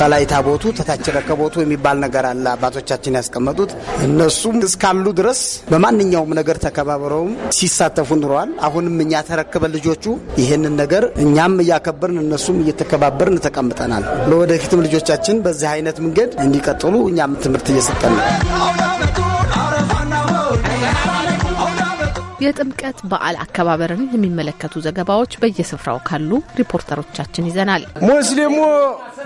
ከላይ ታቦቱ ተታች ረከቦቱ የሚባል ነገር አለ አባቶቻችን ያስቀመጡት። እነሱም እስካሉ ድረስ በማንኛውም ነገር ተከባብረውም ሲሳተፉ ኑረዋል። አሁንም እኛ ተረክበ ልጆቹ ይህንን ነገር እኛም እያከበርን እነሱም እየተከባበርን ተቀምጠናል። ለወደፊትም ልጆቻችን በዚህ አይነት መንገድ እንዲቀጥሉ እኛም ትምህርት እየሰጠን ነው። የጥምቀት በዓል አከባበርን የሚመለከቱ ዘገባዎች በየስፍራው ካሉ ሪፖርተሮቻችን ይዘናል። ሙስሊሙ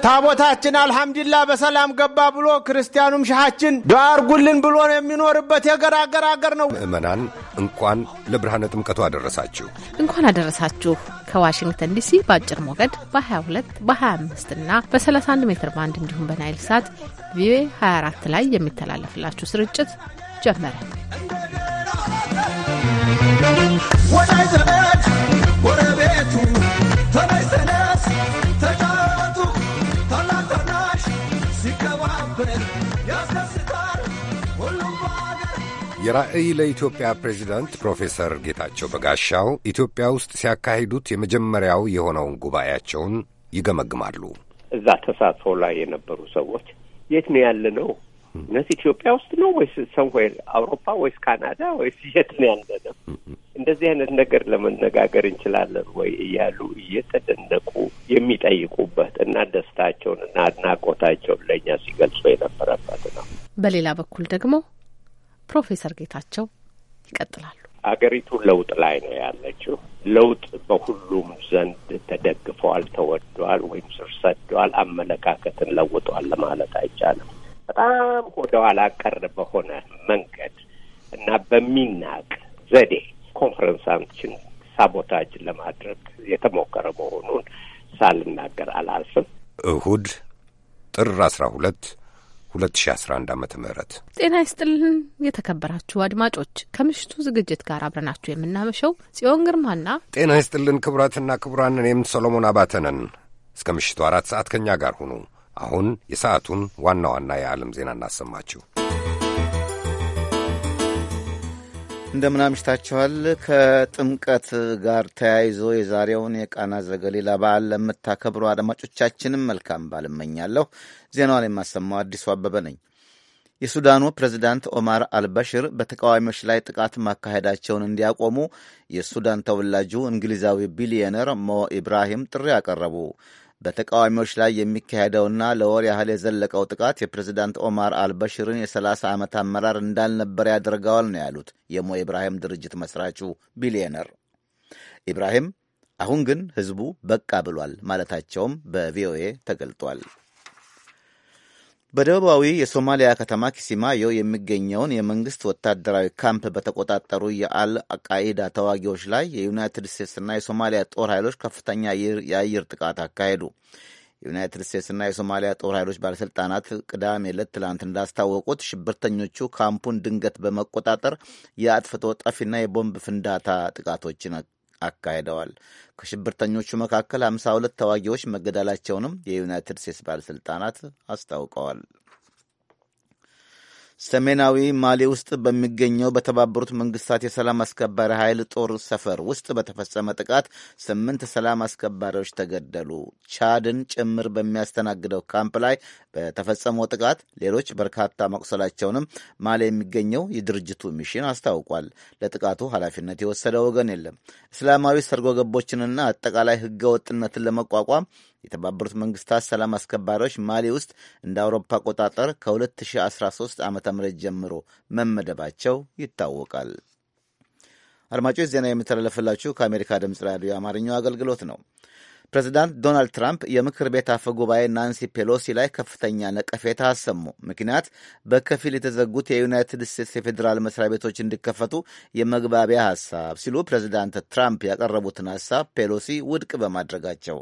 ታቦታችን አልሐምዱላ በሰላም ገባ ብሎ ክርስቲያኑም ሻሃችን ዱዓ አርጉልን ብሎ የሚኖርበት የገራገር አገር ነው። ምእመናን እንኳን ለብርሃነ ጥምቀቱ አደረሳችሁ፣ እንኳን አደረሳችሁ። ከዋሽንግተን ዲሲ በአጭር ሞገድ በ22 በ25 እና በ31 ሜትር ባንድ እንዲሁም በናይል ሳት ቪኦኤ 24 ላይ የሚተላለፍላችሁ ስርጭት ጀመረ። የራዕይ ለኢትዮጵያ ፕሬዚዳንት ፕሮፌሰር ጌታቸው በጋሻው ኢትዮጵያ ውስጥ ሲያካሂዱት የመጀመሪያው የሆነውን ጉባኤያቸውን ይገመግማሉ። እዛ ተሳትፎ ላይ የነበሩ ሰዎች የት ነው ያለነው እነዚህ ኢትዮጵያ ውስጥ ነው ወይስ ሰምዌር አውሮፓ ወይስ ካናዳ ወይስ የት ነው ያለነው? እንደዚህ አይነት ነገር ለመነጋገር እንችላለን ወይ እያሉ እየተደነቁ የሚጠይቁበት እና ደስታቸውን እና አድናቆታቸውን ለእኛ ሲገልጹ የነበረበት ነው። በሌላ በኩል ደግሞ ፕሮፌሰር ጌታቸው ይቀጥላሉ። አገሪቱ ለውጥ ላይ ነው ያለችው። ለውጥ በሁሉም ዘንድ ተደግፈዋል፣ ተወደዋል፣ ወይም ስር ሰደዋል፣ አመለካከትን ለውጧል ለማለት አይቻልም። በጣም ኋላ ቀር በሆነ መንገድ እና በሚናቅ ዘዴ ኮንፈረንሳችን ሳቦታጅ ለማድረግ የተሞከረ መሆኑን ሳልናገር አላልፍም። እሁድ ጥር አስራ ሁለት አንድ አመተ ምህረት ጤና ይስጥልን የተከበራችሁ አድማጮች፣ ከምሽቱ ዝግጅት ጋር አብረናችሁ የምናመሸው ጽዮን ግርማና ጤና ይስጥልን ክቡራትና ክቡራን፣ እኔም ሰሎሞን አባተ ነን። እስከ ምሽቱ አራት ሰዓት ከእኛ ጋር ሁኑ። አሁን የሰዓቱን ዋና ዋና የዓለም ዜና እናሰማችሁ። እንደምናምሽታችኋል። ከጥምቀት ጋር ተያይዞ የዛሬውን የቃና ዘገሊላ በዓል ለምታከብሩ አድማጮቻችንም መልካም በዓል እመኛለሁ። ዜናዋን የማሰማው አዲሱ አበበ ነኝ። የሱዳኑ ፕሬዝዳንት ኦማር አልበሽር በተቃዋሚዎች ላይ ጥቃት ማካሄዳቸውን እንዲያቆሙ የሱዳን ተወላጁ እንግሊዛዊ ቢሊዮነር ሞ ኢብራሂም ጥሪ አቀረቡ። በተቃዋሚዎች ላይ የሚካሄደውና ለወር ያህል የዘለቀው ጥቃት የፕሬዚዳንት ኦማር አልበሽርን የ30 ዓመት አመራር እንዳልነበር ያደርገዋል ነው ያሉት የሞ ኢብራሂም ድርጅት መስራቹ ቢሊዮነር ኢብራሂም። አሁን ግን ህዝቡ በቃ ብሏል ማለታቸውም በቪኦኤ ተገልጧል። በደቡባዊ የሶማሊያ ከተማ ኪሲማዮ የሚገኘውን የመንግስት ወታደራዊ ካምፕ በተቆጣጠሩ የአል አቃኢዳ ተዋጊዎች ላይ የዩናይትድ ስቴትስና የሶማሊያ ጦር ኃይሎች ከፍተኛ የአየር ጥቃት አካሄዱ። የዩናይትድ ስቴትስና የሶማሊያ ጦር ኃይሎች ባለሥልጣናት ቅዳሜ ዕለት ትላንት እንዳስታወቁት ሽብርተኞቹ ካምፑን ድንገት በመቆጣጠር የአጥፍቶ ጠፊና የቦምብ ፍንዳታ ጥቃቶችን አካሂደዋል። ከሽብርተኞቹ መካከል 52 ተዋጊዎች መገደላቸውንም የዩናይትድ ስቴትስ ባለሥልጣናት አስታውቀዋል። ሰሜናዊ ማሊ ውስጥ በሚገኘው በተባበሩት መንግስታት የሰላም አስከባሪ ኃይል ጦር ሰፈር ውስጥ በተፈጸመ ጥቃት ስምንት ሰላም አስከባሪዎች ተገደሉ። ቻድን ጭምር በሚያስተናግደው ካምፕ ላይ በተፈጸመው ጥቃት ሌሎች በርካታ መቁሰላቸውንም ማሊ የሚገኘው የድርጅቱ ሚሽን አስታውቋል። ለጥቃቱ ኃላፊነት የወሰደ ወገን የለም። እስላማዊ ሰርጎ ገቦችንና አጠቃላይ ህገወጥነትን ለመቋቋም የተባበሩት መንግስታት ሰላም አስከባሪዎች ማሊ ውስጥ እንደ አውሮፓ አቆጣጠር ከ2013 ዓ ም ጀምሮ መመደባቸው ይታወቃል። አድማጮች ዜና የምተላለፍላችሁ ከአሜሪካ ድምፅ ራዲዮ የአማርኛው አገልግሎት ነው። ፕሬዚዳንት ዶናልድ ትራምፕ የምክር ቤት አፈ ጉባኤ ናንሲ ፔሎሲ ላይ ከፍተኛ ነቀፌታ አሰሙ። ምክንያት በከፊል የተዘጉት የዩናይትድ ስቴትስ የፌዴራል መስሪያ ቤቶች እንዲከፈቱ የመግባቢያ ሀሳብ ሲሉ ፕሬዚዳንት ትራምፕ ያቀረቡትን ሀሳብ ፔሎሲ ውድቅ በማድረጋቸው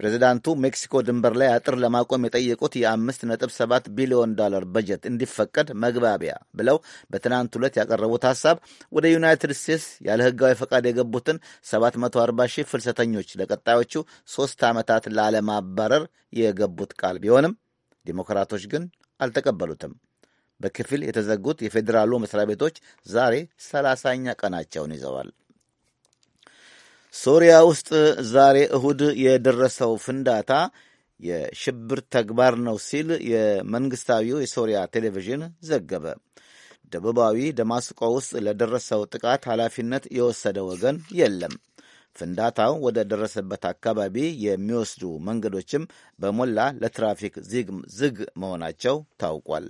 ፕሬዚዳንቱ ሜክሲኮ ድንበር ላይ አጥር ለማቆም የጠየቁት የአምስት ነጥብ ሰባት ቢሊዮን ዶላር በጀት እንዲፈቀድ መግባቢያ ብለው በትናንት ሁለት ያቀረቡት ሀሳብ ወደ ዩናይትድ ስቴትስ ያለ ህጋዊ ፈቃድ የገቡትን 740 ሺህ ፍልሰተኞች ለቀጣዮቹ ሦስት ዓመታት ላለማባረር የገቡት ቃል ቢሆንም ዲሞክራቶች ግን አልተቀበሉትም። በክፍል የተዘጉት የፌዴራሉ መስሪያ ቤቶች ዛሬ ሰላሳኛ ቀናቸውን ይዘዋል። ሶሪያ ውስጥ ዛሬ እሁድ የደረሰው ፍንዳታ የሽብር ተግባር ነው ሲል የመንግስታዊው የሶሪያ ቴሌቪዥን ዘገበ። ደቡባዊ ደማስቆ ውስጥ ለደረሰው ጥቃት ኃላፊነት የወሰደ ወገን የለም። ፍንዳታው ወደ ደረሰበት አካባቢ የሚወስዱ መንገዶችም በሞላ ለትራፊክ ዝግ መሆናቸው ታውቋል።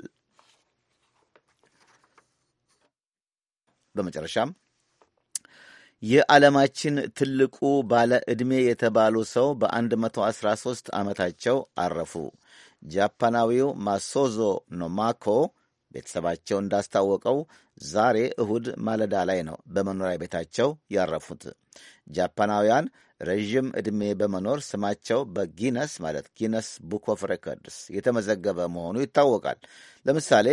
በመጨረሻም የዓለማችን ትልቁ ባለ ዕድሜ የተባሉ ሰው በ113 ዓመታቸው አረፉ። ጃፓናዊው ማሶዞ ኖማኮ ቤተሰባቸው እንዳስታወቀው ዛሬ እሁድ ማለዳ ላይ ነው በመኖሪያ ቤታቸው ያረፉት። ጃፓናውያን ረዥም ዕድሜ በመኖር ስማቸው በጊነስ ማለት ጊነስ ቡክ ኦፍ ሬኮርድስ የተመዘገበ መሆኑ ይታወቃል። ለምሳሌ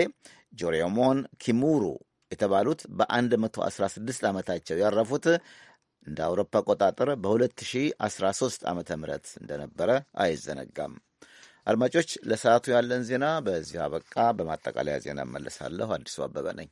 ጆሬሞን ኪሙሩ የተባሉት በ116 ዓመታቸው ያረፉት እንደ አውሮፓ አቆጣጠር በ2013 ዓ ም እንደነበረ አይዘነጋም። አድማጮች፣ ለሰዓቱ ያለን ዜና በዚህ አበቃ። በማጠቃለያ ዜና እመለሳለሁ። አዲሱ አበበ ነኝ።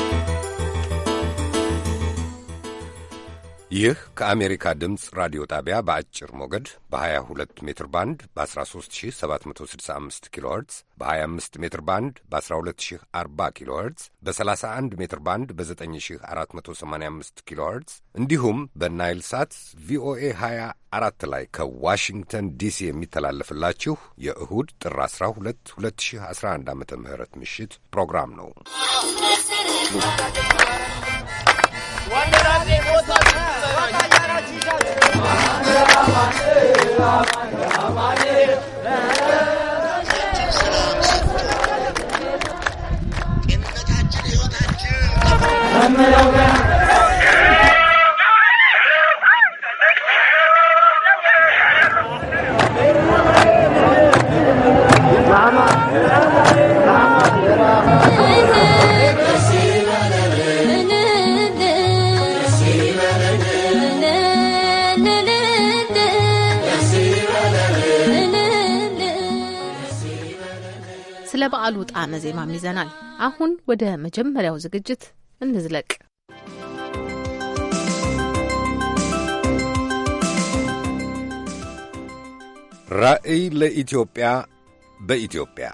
ይህ ከአሜሪካ ድምፅ ራዲዮ ጣቢያ በአጭር ሞገድ በ22 ሜትር ባንድ በ13765 ኪሎ ኸርትዝ በ25 ሜትር ባንድ በ1240 ኪሎ ኸርትዝ በ31 ሜትር ባንድ በ9485 ኪሎ ኸርትዝ እንዲሁም በናይል ሳት ቪኦኤ 24 ላይ ከዋሽንግተን ዲሲ የሚተላለፍላችሁ የእሁድ ጥር 12 2011 ዓ ም ምሽት ፕሮግራም ነው። ጤንነታችን ህይወታችን ለበዓሉ በዓሉ ጣዕመ ዜማም ይዘናል። አሁን ወደ መጀመሪያው ዝግጅት እንዝለቅ። ራዕይ ለኢትዮጵያ በኢትዮጵያ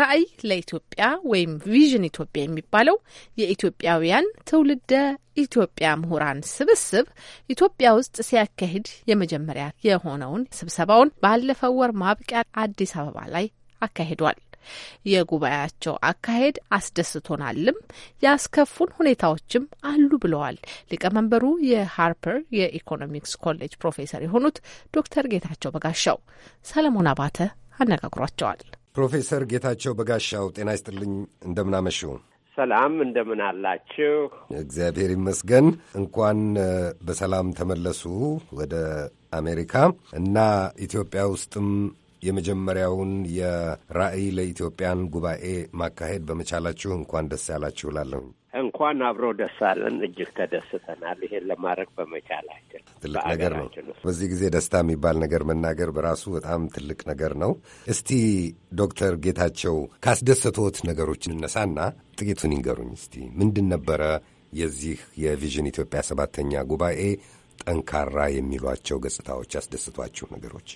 ራዕይ ለኢትዮጵያ ወይም ቪዥን ኢትዮጵያ የሚባለው የኢትዮጵያውያን ትውልደ ኢትዮጵያ ምሁራን ስብስብ ኢትዮጵያ ውስጥ ሲያካሂድ የመጀመሪያ የሆነውን ስብሰባውን ባለፈው ወር ማብቂያ አዲስ አበባ ላይ አካሂዷል። የጉባኤያቸው አካሄድ አስደስቶናልም፣ ያስከፉን ሁኔታዎችም አሉ ብለዋል ሊቀመንበሩ የሃርፐር የኢኮኖሚክስ ኮሌጅ ፕሮፌሰር የሆኑት ዶክተር ጌታቸው በጋሻው። ሰለሞን አባተ አነጋግሯቸዋል። ፕሮፌሰር ጌታቸው በጋሻው ጤና ይስጥልኝ። እንደምናመሹ ሰላም፣ እንደምን አላችሁ? እግዚአብሔር ይመስገን። እንኳን በሰላም ተመለሱ ወደ አሜሪካ እና ኢትዮጵያ ውስጥም የመጀመሪያውን የራዕይ ለኢትዮጵያን ጉባኤ ማካሄድ በመቻላችሁ እንኳን ደስ ያላችሁ እላለሁ። እንኳን አብሮ ደስ አለን። እጅግ ተደስተናል። ይሄን ለማድረግ በመቻላችን ትልቅ ነገር ነው። በዚህ ጊዜ ደስታ የሚባል ነገር መናገር በራሱ በጣም ትልቅ ነገር ነው። እስቲ ዶክተር ጌታቸው ካስደሰቶት ነገሮች እንነሳና ጥቂቱን ይንገሩኝ እስቲ ምንድን ነበረ የዚህ የቪዥን ኢትዮጵያ ሰባተኛ ጉባኤ ጠንካራ የሚሏቸው ገጽታዎች ያስደስቷችሁ ነገሮች?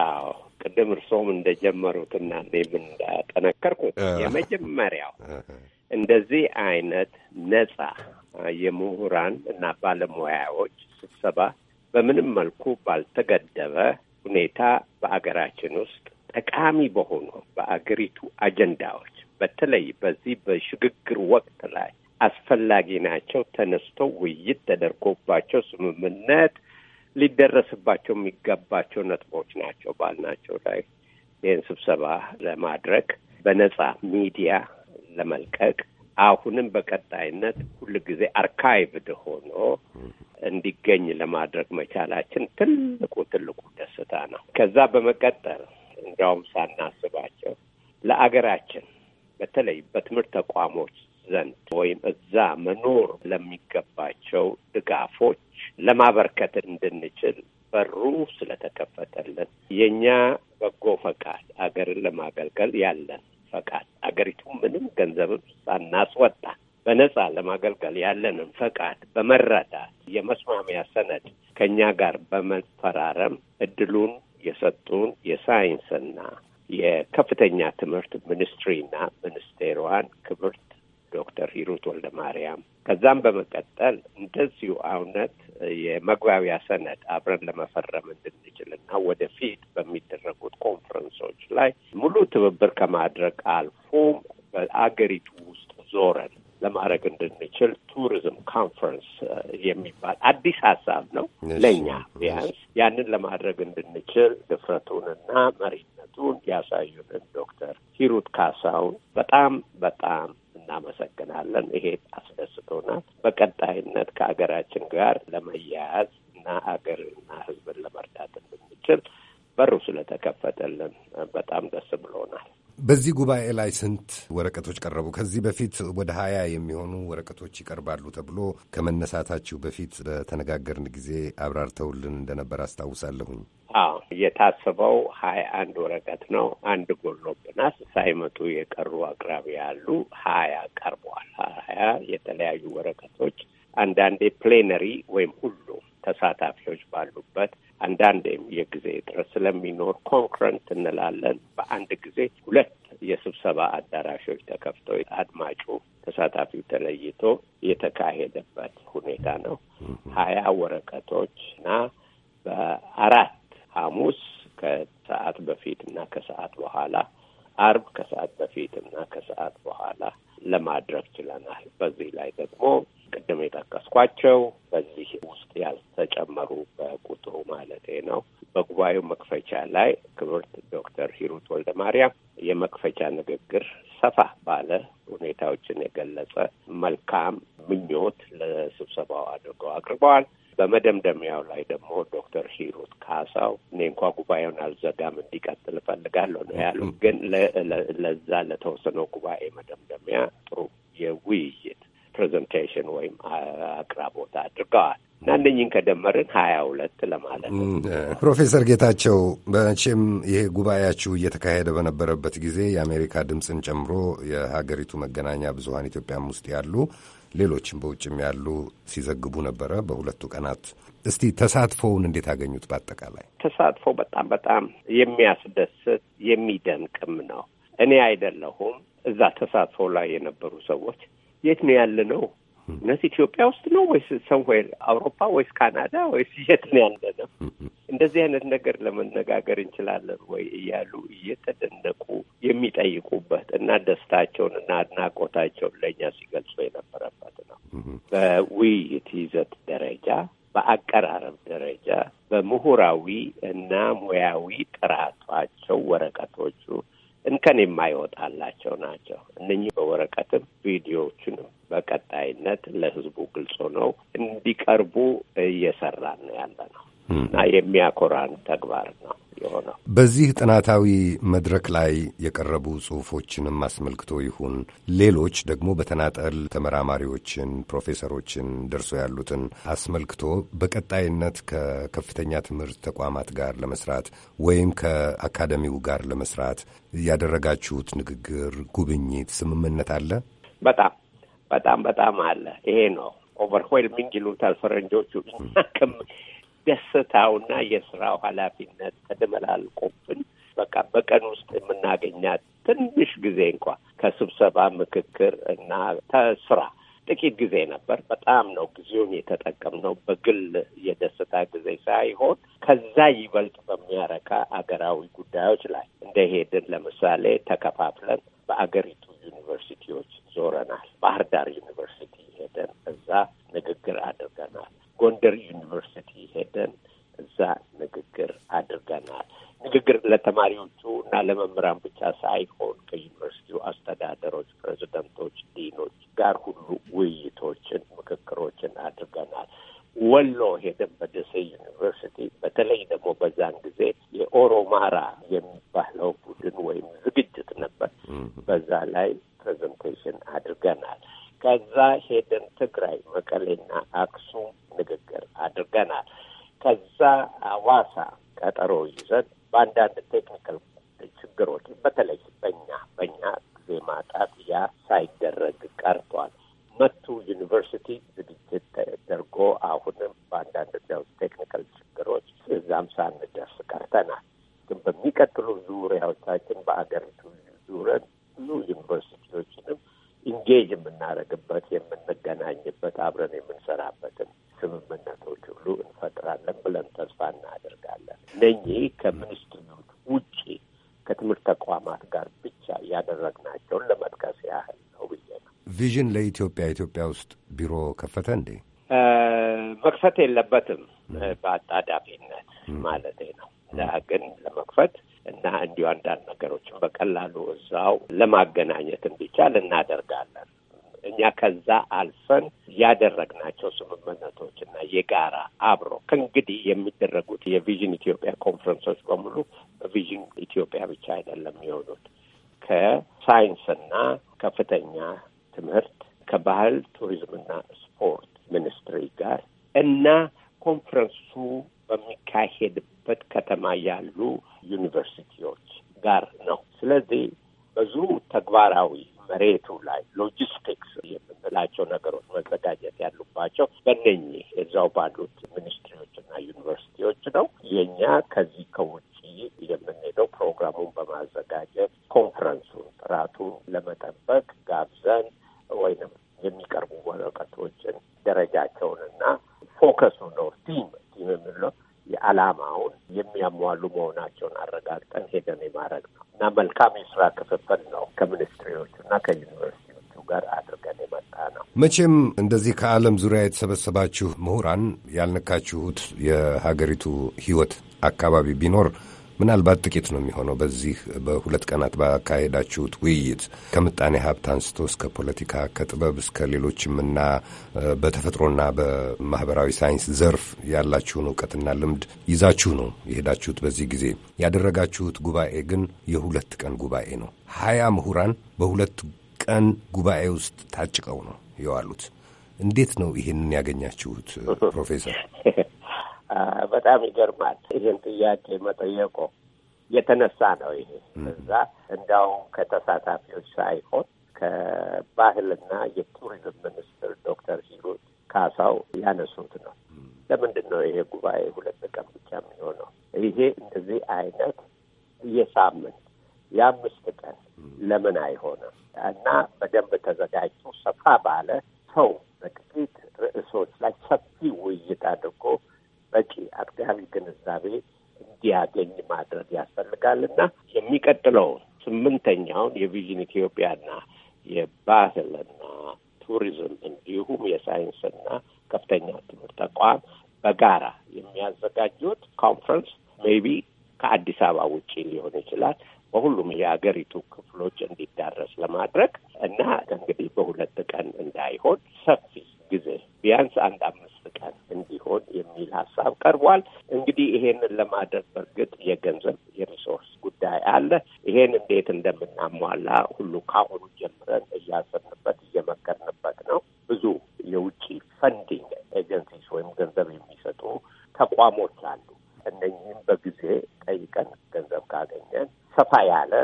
አዎ ቅድም እርሶም እንደጀመሩትና እኔም እንዳጠነከርኩት የመጀመሪያው እንደዚህ አይነት ነጻ የምሁራን እና ባለሙያዎች ስብሰባ በምንም መልኩ ባልተገደበ ሁኔታ በአገራችን ውስጥ ጠቃሚ በሆኑ በአገሪቱ አጀንዳዎች በተለይ በዚህ በሽግግር ወቅት ላይ አስፈላጊ ናቸው ተነስቶ ውይይት ተደርጎባቸው ስምምነት ሊደረስባቸው የሚገባቸው ነጥቦች ናቸው ባልናቸው ላይ ይህን ስብሰባ ለማድረግ በነጻ ሚዲያ ለመልቀቅ አሁንም በቀጣይነት ሁልጊዜ አርካይቭድ ሆኖ እንዲገኝ ለማድረግ መቻላችን ትልቁ ትልቁ ደስታ ነው። ከዛ በመቀጠል እንዲያውም ሳናስባቸው ለአገራችን በተለይ በትምህርት ተቋሞች ዘንድ ወይም እዛ መኖር ለሚገባቸው ድጋፎች ለማበርከት እንድንችል በሩ ስለተከፈተልን የእኛ በጎ ፈቃድ አገርን ለማገልገል ያለን ፈቃድ አገሪቱ ምንም ገንዘብም ሳናስወጣ በነጻ ለማገልገል ያለንን ፈቃድ በመረዳት የመስማሚያ ሰነድ ከእኛ ጋር በመፈራረም እድሉን የሰጡን የሳይንስና የከፍተኛ ትምህርት ሚኒስትሪና ሚኒስቴሯን ክብርት ዶክተር ሂሩት ወልደ ማርያም ከዛም በመቀጠል እንደዚሁ አውነት የመግባቢያ ሰነድ አብረን ለመፈረም እንድንችልና ወደፊት በሚደረጉት ኮንፈረንሶች ላይ ሙሉ ትብብር ከማድረግ አልፎም በአገሪቱ ውስጥ ዞረን ለማድረግ እንድንችል ቱሪዝም ኮንፈረንስ የሚባል አዲስ ሀሳብ ነው ለእኛ ቢያንስ ያንን ለማድረግ እንድንችል ድፍረቱንና መሪነቱን ያሳዩንን ዶክተር ሂሩት ካሳውን በጣም በጣም እናመሰግናለን። ይሄ አስደስቶናል። በቀጣይነት ከሀገራችን ጋር ለመያያዝ እና ሀገርና ሕዝብን ለመርዳት እንድንችል በሩ ስለተከፈተልን በጣም ደስ ብሎናል። በዚህ ጉባኤ ላይ ስንት ወረቀቶች ቀረቡ? ከዚህ በፊት ወደ ሀያ የሚሆኑ ወረቀቶች ይቀርባሉ ተብሎ ከመነሳታችሁ በፊት በተነጋገርን ጊዜ አብራርተውልን እንደነበር አስታውሳለሁኝ። አዎ የታሰበው ሀያ አንድ ወረቀት ነው። አንድ ጎሎብናስ ሳይመጡ የቀሩ አቅራቢ ያሉ ሀያ ቀርበዋል። ሀያ የተለያዩ ወረቀቶች አንዳንዴ ፕሌነሪ ወይም ሁሉ ተሳታፊዎች ባሉበት አንዳንዴም የጊዜ እጥረት ስለሚኖር ኮንክረንት እንላለን። በአንድ ጊዜ ሁለት የስብሰባ አዳራሾች ተከፍተው አድማጩ ተሳታፊው ተለይቶ የተካሄደበት ሁኔታ ነው። ሀያ ወረቀቶች እና በአራት ሐሙስ ከሰዓት በፊት እና ከሰዓት በኋላ፣ አርብ ከሰዓት በፊት እና ከሰዓት በኋላ ለማድረግ ችለናል። በዚህ ላይ ደግሞ ቅድም የጠቀስኳቸው በዚህ ውስጥ ያልተጨመሩ በቁጥሩ ማለቴ ነው። በጉባኤው መክፈቻ ላይ ክብርት ዶክተር ሂሩት ወልደ ማርያም የመክፈቻ ንግግር ሰፋ ባለ ሁኔታዎችን የገለጸ መልካም ምኞት ለስብሰባው አድርገው አቅርበዋል። በመደምደሚያው ላይ ደግሞ ዶክተር ሂሩት ካሳው እኔ እንኳ ጉባኤውን አልዘጋም እንዲቀጥል እፈልጋለሁ ነው ያሉ። ግን ለዛ ለተወሰነው ጉባኤ መደምደሚያ ጥሩ የውይይት ፕሬዘንቴሽን ወይም አቅራቦት አድርገዋል እና እነኝን ከደመርን ሀያ ሁለት ለማለት ነው። ፕሮፌሰር ጌታቸው በመቼም ይሄ ጉባኤያችሁ እየተካሄደ በነበረበት ጊዜ የአሜሪካ ድምፅን ጨምሮ የሀገሪቱ መገናኛ ብዙኃን ኢትዮጵያም ውስጥ ያሉ ሌሎችም በውጭም ያሉ ሲዘግቡ ነበረ በሁለቱ ቀናት። እስቲ ተሳትፎውን እንዴት አገኙት? በአጠቃላይ ተሳትፎ በጣም በጣም የሚያስደስት የሚደንቅም ነው። እኔ አይደለሁም እዛ ተሳትፎ ላይ የነበሩ ሰዎች የት ነው ያለ ነው እነዚህ ኢትዮጵያ ውስጥ ነው ወይስ ሰምዌር አውሮፓ ወይስ ካናዳ ወይስ የት ነው ያለ ነው? እንደዚህ አይነት ነገር ለመነጋገር እንችላለን ወይ እያሉ እየተደነቁ የሚጠይቁበት እና ደስታቸውን እና አድናቆታቸውን ለእኛ ሲገልጹ የነበረበት ነው። በውይይት ይዘት ደረጃ፣ በአቀራረብ ደረጃ፣ በምሁራዊ እና ሙያዊ ጥራቷቸው ወረቀቶቹ እንከን የማይወጣላቸው ናቸው። እነኚህ በወረቀትም ቪዲዮዎቹንም በቀጣይነት ለህዝቡ ግልጽ ሆነው እንዲቀርቡ እየሰራን ነው ያለ ነው። እና የሚያኮራን ተግባር ነው የሆነው። በዚህ ጥናታዊ መድረክ ላይ የቀረቡ ጽሁፎችንም አስመልክቶ ይሁን ሌሎች ደግሞ በተናጠል ተመራማሪዎችን፣ ፕሮፌሰሮችን ደርሶ ያሉትን አስመልክቶ በቀጣይነት ከከፍተኛ ትምህርት ተቋማት ጋር ለመስራት ወይም ከአካደሚው ጋር ለመስራት ያደረጋችሁት ንግግር፣ ጉብኝት፣ ስምምነት አለ? በጣም በጣም በጣም አለ። ይሄ ነው ኦቨርዌልሚንግ ይሉታል ፈረንጆቹ ደስታውና የስራው ኃላፊነት ተደመላልቆብን በቃ በቀን ውስጥ የምናገኛት ትንሽ ጊዜ እንኳ ከስብሰባ ምክክር እና ከስራ ጥቂት ጊዜ ነበር። በጣም ነው ጊዜውን የተጠቀምነው በግል የደስታ ጊዜ ሳይሆን ከዛ ይበልጥ በሚያረካ አገራዊ ጉዳዮች ላይ እንደሄድን ለምሳሌ ተከፋፍለን በአገሪቱ ዩኒቨርሲቲዎች ዞረናል። ባህር ዳር ዩኒቨርሲቲ ሄደን እዛ ንግግር አድርገናል። ጎንደር ዩኒቨርሲቲ ሄደን እዛ ንግግር አድርገናል። ንግግር ለተማሪዎቹ እና ለመምህራን ብቻ ሳይሆን ከዩኒቨርሲቲው አስተዳደሮች፣ ፕሬዚደንቶች፣ ዲኖች ጋር ሁሉ ውይይቶችን፣ ምክክሮችን አድርገናል። ወሎ ሄደን በደሴ ዩኒቨርሲቲ በተለይ ደግሞ በዛን ጊዜ የኦሮማራ የሚባለው ቡድን ወይም ዝግጅት ነበር። በዛ ላይ ፕሬዘንቴሽን አድርገናል። ከዛ ሄደን ትግራይ መቀሌና አክሱ አድርገናል። ከዛ ሐዋሳ ቀጠሮ ይዘን በአንዳንድ ኢትዮጵያ ኢትዮጵያ ውስጥ ቢሮ ከፈተ እንዴ? መክፈት የለበትም በአጣዳፊነት ማለት ነው። ግን ለመክፈት እና እንዲሁ አንዳንድ ነገሮችን በቀላሉ እዛው ለማገናኘት እንዲቻል እናደርጋለን። እኛ ከዛ አልፈን ያደረግናቸው ስምምነቶች እና የጋራ አብሮ ከእንግዲህ የሚደረጉት የቪዥን ኢትዮጵያ ኮንፈረንሶች በሙሉ በቪዥን ኢትዮጵያ ብቻ አይደለም የሚሆኑት ከሳይንስና ከፍተኛ ትምህርት ከባህል ቱሪዝምና ስፖርት ሚኒስትሪ ጋር እና ኮንፈረንሱ በሚካሄድበት ከተማ ያሉ ዩኒቨርሲቲዎች ጋር ነው። ስለዚህ ብዙ ተግባራዊ መሬቱ ላይ ሎጂስቲክስ የምንላቸው ነገሮች መዘጋጀት ያሉባቸው በነኚህ እዛው ባሉት የሚያሟሉ መሆናቸውን አረጋግጠን ሄደን የማድረግ ነው እና መልካም የስራ ክፍፍል ነው ከሚኒስትሪዎቹ እና ከዩኒቨርሲቲዎቹ ጋር አድርገን የመጣ ነው። መቼም እንደዚህ ከዓለም ዙሪያ የተሰበሰባችሁ ምሁራን ያልነካችሁት የሀገሪቱ ህይወት አካባቢ ቢኖር ምናልባት ጥቂት ነው የሚሆነው። በዚህ በሁለት ቀናት ባካሄዳችሁት ውይይት ከምጣኔ ሀብት አንስቶ እስከ ፖለቲካ፣ ከጥበብ እስከ ሌሎችም እና በተፈጥሮና በማህበራዊ ሳይንስ ዘርፍ ያላችሁን እውቀትና ልምድ ይዛችሁ ነው የሄዳችሁት። በዚህ ጊዜ ያደረጋችሁት ጉባኤ ግን የሁለት ቀን ጉባኤ ነው። ሀያ ምሁራን በሁለት ቀን ጉባኤ ውስጥ ታጭቀው ነው የዋሉት። እንዴት ነው ይህንን ያገኛችሁት ፕሮፌሰር? በጣም ይገርማል። ይህን ጥያቄ መጠየቆ የተነሳ ነው ይሄ እዛ እንዳው ከተሳታፊዎች ሳይሆን ከባህልና የቱሪዝም ሚኒስትር ዶክተር ሂሩት ካሳው ያነሱት ነው። ለምንድን ነው ይሄ ጉባኤ ሁለት ቀን ብቻ የሚሆነው? ይሄ እንደዚህ አይነት የሳምንት የአምስት ቀን ለምን አይሆንም? እና በደንብ ተዘጋጅቶ ሰፋ ባለ ሰው በጥቂት ርዕሶች ላይ ሰፊ ውይይት አድርጎ በቂ አጥጋቢ ግንዛቤ እንዲያገኝ ማድረግ ያስፈልጋልና የሚቀጥለው ስምንተኛውን የቪዥን ኢትዮጵያና የባህልና ቱሪዝም እንዲሁም የሳይንስና ከፍተኛ ትምህርት ተቋም በጋራ የሚያዘጋጁት ኮንፈረንስ ሜይ ቢ ከአዲስ አበባ ውጪ ሊሆን ይችላል። በሁሉም የሀገሪቱ ክፍሎች እንዲዳረስ ለማድረግ እና እንግዲህ በሁለት ቀን እንዳይሆን ሰፊ ጊዜ ቢያንስ አንድ አምስት ቀን እንዲሆን የሚል ሀሳብ ቀርቧል። እንግዲህ ይሄንን ለማድረግ በእርግጥ የገንዘብ የሪሶርስ ጉዳይ አለ። ይሄን እንዴት እንደምናሟላ ሁሉ ከአሁኑ ጀምረን እያሰብንበት እየመከርንበት ነው። ብዙ የውጭ ፈንዲንግ ኤጀንሲስ ወይም ገንዘብ የሚሰጡ ተቋሞች አሉ ሰፋ ያለ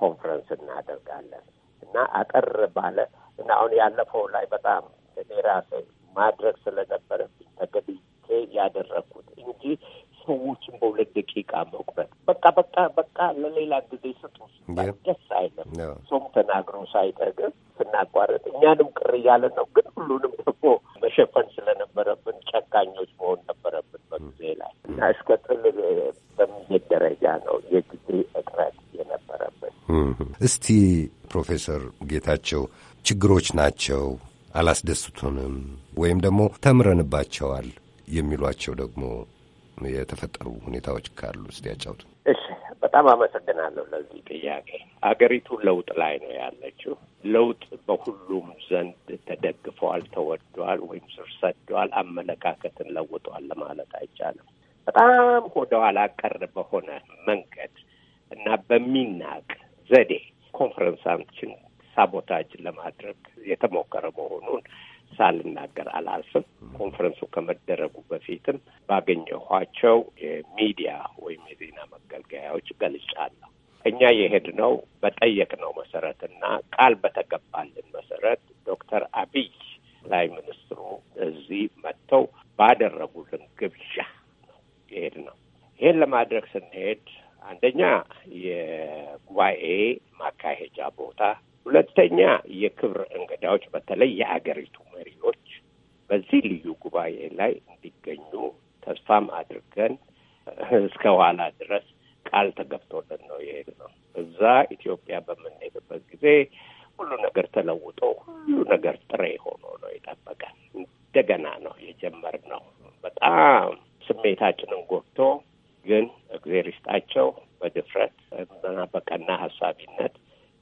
ኮንፈረንስ እናደርጋለን እና አጠር ባለ እና አሁን ያለፈው ላይ በጣም እኔ ራሴ ማድረግ ስለነበረብኝ ተገድጄ ያደረግኩት እንጂ ሰዎችን በሁለት ደቂቃ መቁረጥ በቃ በቃ በቃ ለሌላ ጊዜ ስጡ ደስ አይለም። ሰውም ተናግሮ ሳይጠግብ ስናቋረጥ እኛንም ቅር እያለ ነው እስቲ ፕሮፌሰር ጌታቸው ችግሮች ናቸው አላስደስቱንም፣ ወይም ደግሞ ተምረንባቸዋል የሚሏቸው ደግሞ የተፈጠሩ ሁኔታዎች ካሉ እስቲ ያጫውቱ። እሺ፣ በጣም አመሰግናለሁ ለዚህ ጥያቄ። አገሪቱ ለውጥ ላይ ነው ያለችው። ለውጥ በሁሉም ዘንድ ተደግፈዋል፣ ተወዷል፣ ወይም ስር አመለካከትን ለውጧል ለማለት አይቻልም። በጣም ወደኋላ ቀር በሆነ መንገድ እና በሚናቅ ዘዴ ኮንፈረንሳችን ሳቦታጅ ለማድረግ የተሞከረ መሆኑን ሳልናገር አላልፍም። ኮንፈረንሱ ከመደረጉ በፊትም ባገኘኋቸው የሚዲያ ወይም የዜና መገልገያዎች ገልጫለሁ። እኛ የሄድነው በጠየቅነው መሰረትና ቃል በተገባልን መሰረት ዶክተር አብይ ላይ ሚኒስትሩ እዚህ መጥተው ባደረጉልን ግብዣ ነው የሄድነው። ይሄን ለማድረግ ስንሄድ አንደኛ የጉባኤ ማካሄጃ ቦታ፣ ሁለተኛ የክብር እንግዳዎች በተለይ የአገሪቱ መሪዎች በዚህ ልዩ ጉባኤ ላይ እንዲገኙ ተስፋም አድርገን እስከ ኋላ ድረስ ቃል ተገብቶልን ነው ነው። እዛ ኢትዮጵያ በምንሄድበት ጊዜ ሁሉ ነገር ተለውጦ ሁሉ ነገር ጥሬ ሆኖ ነው የጠበቀን። እንደገና ነው የጀመርነው። በጣም ስሜታችንን ጎድቶ ግን እግዜር ይስጣቸው በድፍረት እና በቀና ሀሳቢነት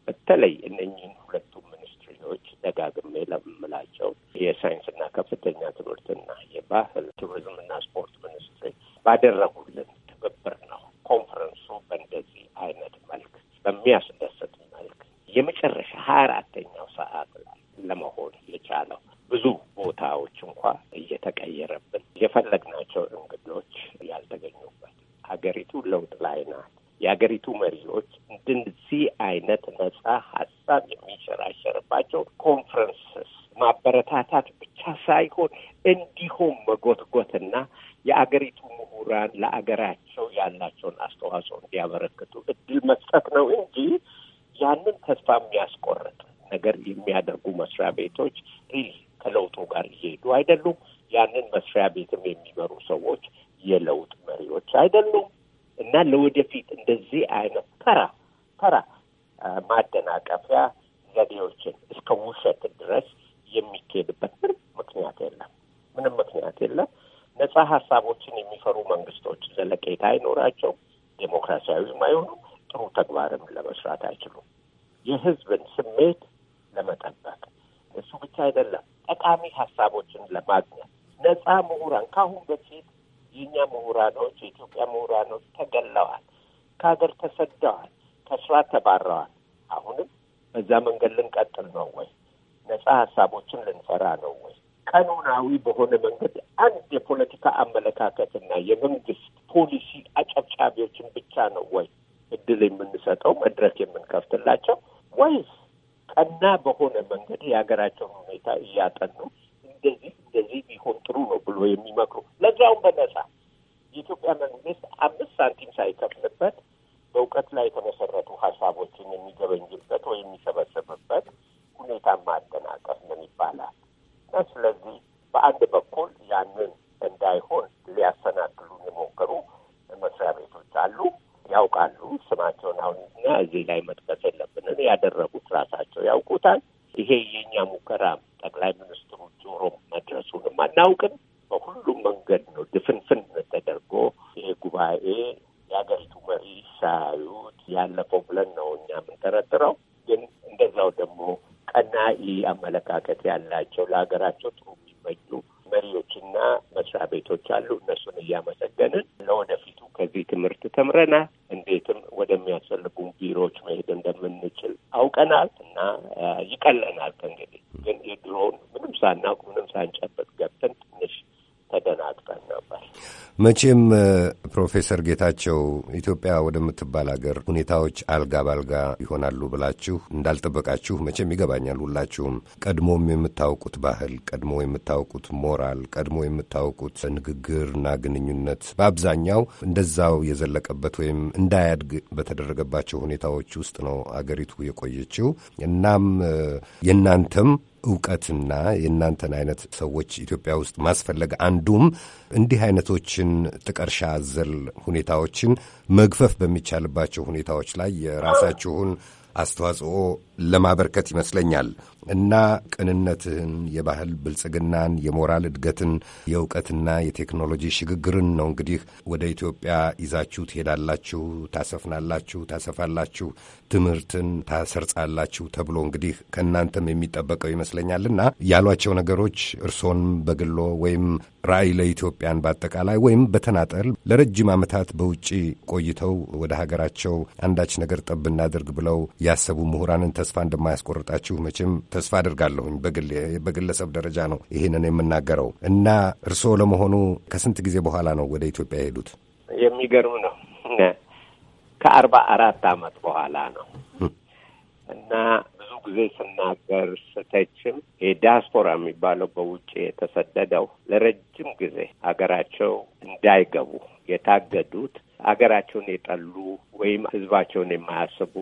በተለይ እነኚህን ሁለቱ ሚኒስትሪዎች ደጋግሜ ለምላቸው የሳይንስና ከፍተኛ ትምህርትና የባህል ቱሪዝምና ስፖርት ሚኒስትሪ ባደረጉልን ትብብር ነው ኮንፈረንሱ በእንደዚህ አይነት መልክ በሚያስደስት መልክ የመጨረሻ ሀያ አራተኛው ሰዓት ላይ ለመሆን የቻለው ብዙ ቦታዎች እንኳ እየተቀየረብን የፈለግናቸው እንግዶች ያልተገኙበት ሀገሪቱ ለውጥ ላይ ናት። የአገሪቱ መሪዎች እንደዚህ አይነት ነጻ ሀሳብ የሚሸራሸርባቸው ኮንፈረንስስ ማበረታታት ብቻ ሳይሆን እንዲሁም መጎትጎትና የአገሪቱ ምሁራን ለአገራቸው ያላቸውን አስተዋጽኦ እንዲያበረክቱ እድል መስጠት ነው እንጂ ያንን ተስፋ የሚያስቆርጥ ነገር የሚያደርጉ መስሪያ ቤቶች ሪል ከለውጡ ጋር እየሄዱ አይደሉም። ያንን መስሪያ ቤትም የሚመሩ ሰዎች የለውጥ መሪዎች አይደሉም። እና ለወደፊት እንደዚህ አይነት ተራ ተራ ማደናቀፊያ ዘዴዎችን እስከ ውሸት ድረስ የሚካሄድበት ምንም ምክንያት የለም። ምንም ምክንያት የለም። ነጻ ሀሳቦችን የሚፈሩ መንግስቶች ዘለቄታ አይኖራቸው፣ ዴሞክራሲያዊም አይሆኑ፣ ጥሩ ተግባርም ለመስራት አይችሉም። የህዝብን ስሜት ለመጠበቅ እሱ ብቻ አይደለም፣ ጠቃሚ ሀሳቦችን ለማግኘት ነጻ ምሁራን ከአሁን በፊት የእኛ ምሁራኖች የኢትዮጵያ ምሁራኖች ተገለዋል፣ ከሀገር ተሰደዋል፣ ከስራ ተባረዋል። አሁንም በዛ መንገድ ልንቀጥል ነው ወይ? ነጻ ሀሳቦችን ልንፈራ ነው ወይ? ቀኖናዊ በሆነ መንገድ አንድ የፖለቲካ አመለካከትና የመንግስት ፖሊሲ አጨብጫቢዎችን ብቻ ነው ወይ እድል የምንሰጠው መድረክ የምንከፍትላቸው ወይስ ቀና በሆነ መንገድ የሀገራቸውን ሁኔታ እያጠኑ እንደዚህ እንደዚህ ቢሆን ጥሩ ነው ብሎ የሚመክሩ ለዛውም በነጻ የኢትዮጵያ መንግስት አምስት ሳንቲም ሳይከፍልበት በእውቀት ላይ የተመሰረቱ ሀሳቦችን የሚገበኝበት ወይ የሚሰበሰብበት ሁኔታን ማደናቀፍ ምን ይባላል? እና ስለዚህ በአንድ በኩል ያንን እንዳይሆን ሊያሰናክሉን የሞከሩ መስሪያ ቤቶች አሉ፣ ያውቃሉ ስማቸውን አሁን እና እዚህ ላይ መጥቀስ የለብንን። ያደረጉት ራሳቸው ያውቁታል። ይሄ የኛ ሙከራ ጠቅላይ ሚኒስትሩ ጆሮ መድረሱንም አናውቅም። በሁሉም መንገድ ነው ድፍንፍን ተደርጎ ይሄ ጉባኤ የሀገሪቱ መሪ ሳዩት ያለፈው ብለን ነው እኛ የምንጠረጥረው። ግን እንደዛው ደግሞ ቀናኢ አመለካከት ያላቸው ለሀገራቸው ጥሩ የሚመኙ መሪዎችና መስሪያ ቤቶች አሉ። እነሱን እያመሰገንን ለወደፊቱ ከዚህ ትምህርት ተምረናል። እንዴትም ወደሚያስፈልጉን ቢሮዎች መሄድ እንደምንችል አውቀናል እና ይቀለናል። ከእንግዲህ ግን የድሮውን ምንም ሳናውቅ ምንም ሳንጨበጥ ገብተን ትንሽ ተደናግጠን ነበር። መቼም ፕሮፌሰር ጌታቸው ኢትዮጵያ ወደምትባል ሀገር ሁኔታዎች አልጋ ባልጋ ይሆናሉ ብላችሁ እንዳልጠበቃችሁ መቼም ይገባኛል። ሁላችሁም ቀድሞም የምታውቁት ባህል፣ ቀድሞ የምታውቁት ሞራል፣ ቀድሞ የምታውቁት ንግግርና ግንኙነት በአብዛኛው እንደዛው የዘለቀበት ወይም እንዳያድግ በተደረገባቸው ሁኔታዎች ውስጥ ነው አገሪቱ የቆየችው። እናም የእናንተም እውቀትና የእናንተን አይነት ሰዎች ኢትዮጵያ ውስጥ ማስፈለግ አንዱም እንዲህ አይነቶችን ጥቀርሻ አዘል ሁኔታዎችን መግፈፍ በሚቻልባቸው ሁኔታዎች ላይ የራሳችሁን አስተዋጽኦ ለማበርከት ይመስለኛል። እና ቅንነትህን፣ የባህል ብልጽግናን፣ የሞራል እድገትን፣ የእውቀትና የቴክኖሎጂ ሽግግርን ነው እንግዲህ ወደ ኢትዮጵያ ይዛችሁ ትሄዳላችሁ፣ ታሰፍናላችሁ፣ ታሰፋላችሁ፣ ትምህርትን ታሰርጻላችሁ ተብሎ እንግዲህ ከእናንተም የሚጠበቀው ይመስለኛልና ያሏቸው ነገሮች እርሶን በግሎ ወይም ራዕይ ለኢትዮጵያን በአጠቃላይ ወይም በተናጠል ለረጅም ዓመታት በውጭ ቆይተው ወደ ሀገራቸው አንዳች ነገር ጠብ እናድርግ ብለው ያሰቡ ምሁራንን ተስፋ እንደማያስቆርጣችሁ መቼም ተስፋ አድርጋለሁኝ። በግለሰብ ደረጃ ነው ይህንን የምናገረው እና እርስዎ ለመሆኑ ከስንት ጊዜ በኋላ ነው ወደ ኢትዮጵያ የሄዱት? የሚገርም ነው። ከአርባ አራት አመት በኋላ ነው እና ብዙ ጊዜ ስናገር ስተችም የዲያስፖራ የሚባለው በውጭ የተሰደደው ለረጅም ጊዜ ሀገራቸው እንዳይገቡ የታገዱት ሀገራቸውን የጠሉ ወይም ሕዝባቸውን የማያስቡ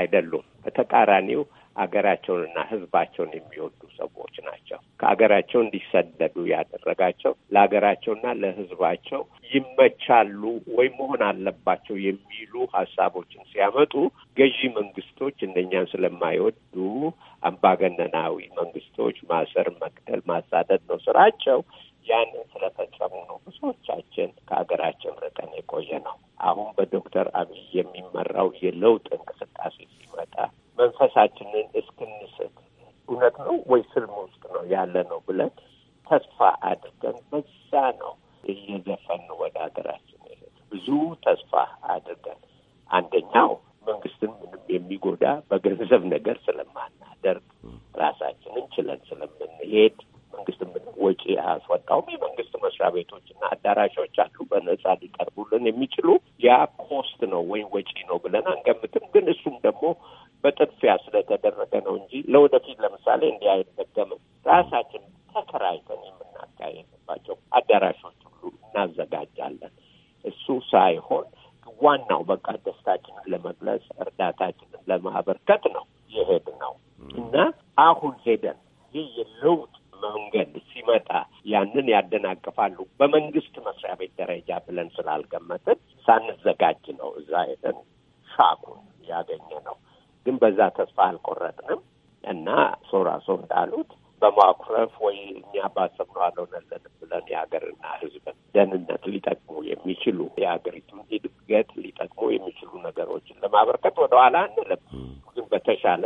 አይደሉም። በተቃራኒው አገራቸውንና ህዝባቸውን የሚወዱ ሰዎች ናቸው። ከአገራቸው እንዲሰደዱ ያደረጋቸው ለሀገራቸውና ለህዝባቸው ይመቻሉ ወይም መሆን አለባቸው የሚሉ ሀሳቦችን ሲያመጡ ገዢ መንግስቶች እነኛን ስለማይወዱ አምባገነናዊ መንግስቶች ማሰር፣ መግደል፣ ማሳደድ ነው ስራቸው። ያንን ስለፈጸሙ ነው ብዙዎቻችን ከሀገራችን ርቀን የቆየ ነው። አሁን በዶክተር አብይ የሚመራው የለውጥ እንቅስቃሴ ሲመጣ መንፈሳችንን እስክንስት እውነት ነው ወይ ስልም ውስጥ ነው ያለ ነው ብለን ተስፋ አድርገን በዛ ነው እየዘፈን ወደ ሀገራችን ብዙ ተስፋ አድርገን አንደኛው መንግስትን ምንም የሚጎዳ በገንዘብ ነገር ስለማናደርግ ራሳችንን ችለን ስለምንሄድ መንግስት ምንም ወጪ አስወጣውም። የመንግስት መስሪያ ቤቶችና አዳራሾች አሉ በነጻ ሊቀርቡልን የሚችሉ ያ ኮስት ነው ወይም ወጪ ነው ብለን አንገምትም። ግን እሱም ደግሞ በጥድፊያ ስለተደረገ ነው እንጂ ለወደፊት ለምሳሌ እንዲህ አይደገምም። ራሳችን ተከራይተን የምናካሄድባቸው አዳራሾች ሁሉ እናዘጋጃለን። እሱ ሳይሆን ዋናው በቃ ደስታችንን ለመግለጽ እርዳታችንን ለማበርከት ነው የሄድ ነው እና አሁን ሄደን ይህ የለውጥ መንገድ ሲመጣ ያንን ያደናቅፋሉ። በመንግስት አልቆረጥንም እና ሶራ ሶ እንዳሉት በማኩረፍ ወይ እኛ ባሰብነው አልሆነልንም ብለን የሀገርና ሕዝብን ደህንነት ሊጠቅሙ የሚችሉ የሀገሪቱን እድገት ሊጠቅሙ የሚችሉ ነገሮችን ለማበርከት ወደኋላ አንልም። ግን በተሻለ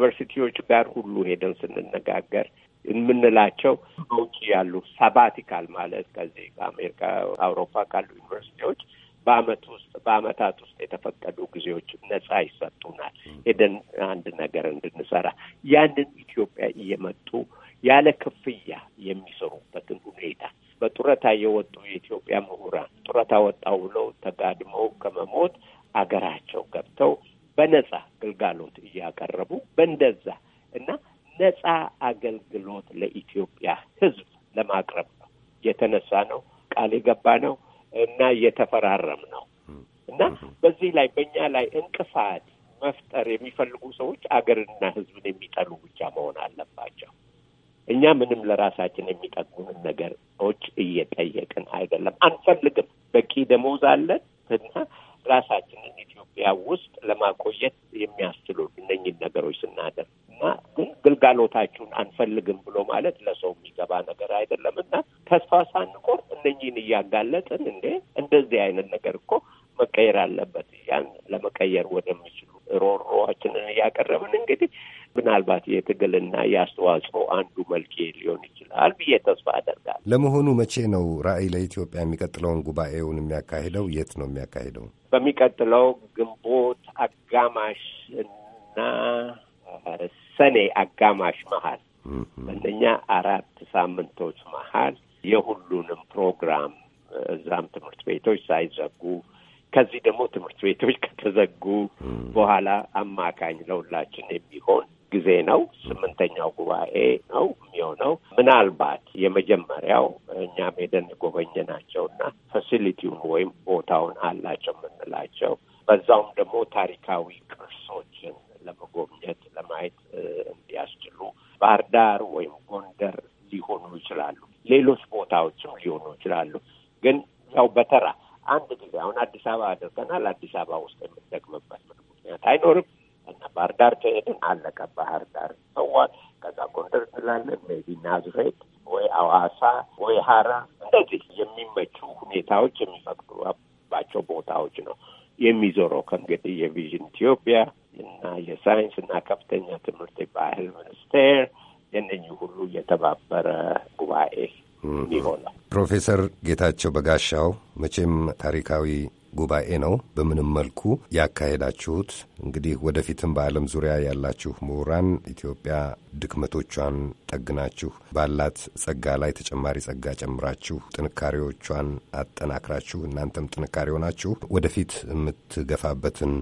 ዩኒቨርሲቲዎች ጋር ሁሉ ሄደን ስንነጋገር የምንላቸው በውጭ ያሉ ሰባቲካል ማለት ከዚህ ከአሜሪካ አውሮፓ ካሉ ዩኒቨርሲቲዎች በአመት ውስጥ በአመታት ውስጥ የተፈቀዱ ጊዜዎች ነጻ ይሰጡናል። ሄደን አንድ ነገር እንድንሰራ ያንን ኢትዮጵያ እየመጡ ያለ ክፍያ የሚሰሩበትን ሁኔታ በጡረታ የወጡ የኢትዮጵያ ምሁራን ጡረታ ወጣው ብለው ተጋድመው ከመሞት አገራቸው ገብተው በነጻ ግልጋሎት እያቀረቡ በእንደዛ እና ነፃ አገልግሎት ለኢትዮጵያ ሕዝብ ለማቅረብ ነው የተነሳ ነው ቃል የገባ ነው እና እየተፈራረም ነው እና በዚህ ላይ በእኛ ላይ እንቅፋት መፍጠር የሚፈልጉ ሰዎች አገርንና ሕዝብን የሚጠሉ ብቻ መሆን አለባቸው። እኛ ምንም ለራሳችን የሚጠቅሙን ነገሮች እየጠየቅን አይደለም፣ አንፈልግም። በቂ ደሞዝ አለን እና ራሳችንን ኢትዮጵያ ውስጥ ለማቆየት የሚያስችሉ እነኝን ነገሮች ስናደርግ እና ግን ግልጋሎታችሁን አንፈልግም ብሎ ማለት ለሰው የሚገባ ነገር አይደለም እና ተስፋ ሳንቆርጥ እነኝን እያጋለጥን እንዴ እንደዚህ አይነት ነገር እኮ መቀየር አለበት። ያን ለመቀየር ወደሚችሉ ሮሮችንን እያቀረብን እንግዲህ ምናልባት የትግልና የአስተዋጽኦ አንዱ መልክ ሊሆን ይችላል ብዬ ተስፋ አደርጋለሁ። ለመሆኑ መቼ ነው ራዕይ ለኢትዮጵያ የሚቀጥለውን ጉባኤውን የሚያካሂደው? የት ነው የሚያካሂደው? በሚቀጥለው ግንቦት አጋማሽ እና ሰኔ አጋማሽ መሀል በእነኛ አራት ሳምንቶች መሀል የሁሉንም ፕሮግራም እዛም ትምህርት ቤቶች ሳይዘጉ ከዚህ ደግሞ ትምህርት ቤቶች ከተዘጉ በኋላ አማካኝ ለሁላችን የሚሆን ጊዜ ነው። ስምንተኛው ጉባኤ ነው የሚሆነው። ምናልባት የመጀመሪያው እኛም ሄደን የጎበኘናቸውና ፋሲሊቲውን ወይም ቦታውን አላቸው የምንላቸው በዛውም ደግሞ ታሪካዊ ቅርሶችን ለመጎብኘት ለማየት እንዲያስችሉ ባህር ዳር ወይም ጎንደር ሊሆኑ ይችላሉ። ሌሎች ቦታዎችም ሊሆኑ ይችላሉ። ግን ያው በተራ አንድ ጊዜ አሁን አዲስ አበባ አድርገናል። አዲስ አበባ ውስጥ የምንደግምበት ምን ምክንያት አይኖርም እና ባህር ዳር ከሄድን አለቀ። ባህር ዳር ሰዋል። ከዛ ጎንደር እንላለን። ሜቢ ናዝሬት ወይ አዋሳ ወይ ሀራ፣ እንደዚህ የሚመቹ ሁኔታዎች የሚፈቅዱባቸው ቦታዎች ነው የሚዞረው። ከእንግዲህ የቪዥን ኢትዮጵያ እና የሳይንስ እና ከፍተኛ ትምህርት ባህል ሚኒስቴር የነኚህ ሁሉ የተባበረ ጉባኤ ይሆናል። ፕሮፌሰር ጌታቸው በጋሻው መቼም ታሪካዊ ጉባኤ ነው። በምንም መልኩ ያካሄዳችሁት እንግዲህ ወደፊትም በዓለም ዙሪያ ያላችሁ ምሁራን ኢትዮጵያ ድክመቶቿን ጠግናችሁ ባላት ጸጋ ላይ ተጨማሪ ጸጋ ጨምራችሁ ጥንካሬዎቿን አጠናክራችሁ እናንተም ጥንካሬ ሆናችሁ ወደፊት የምትገፋበትን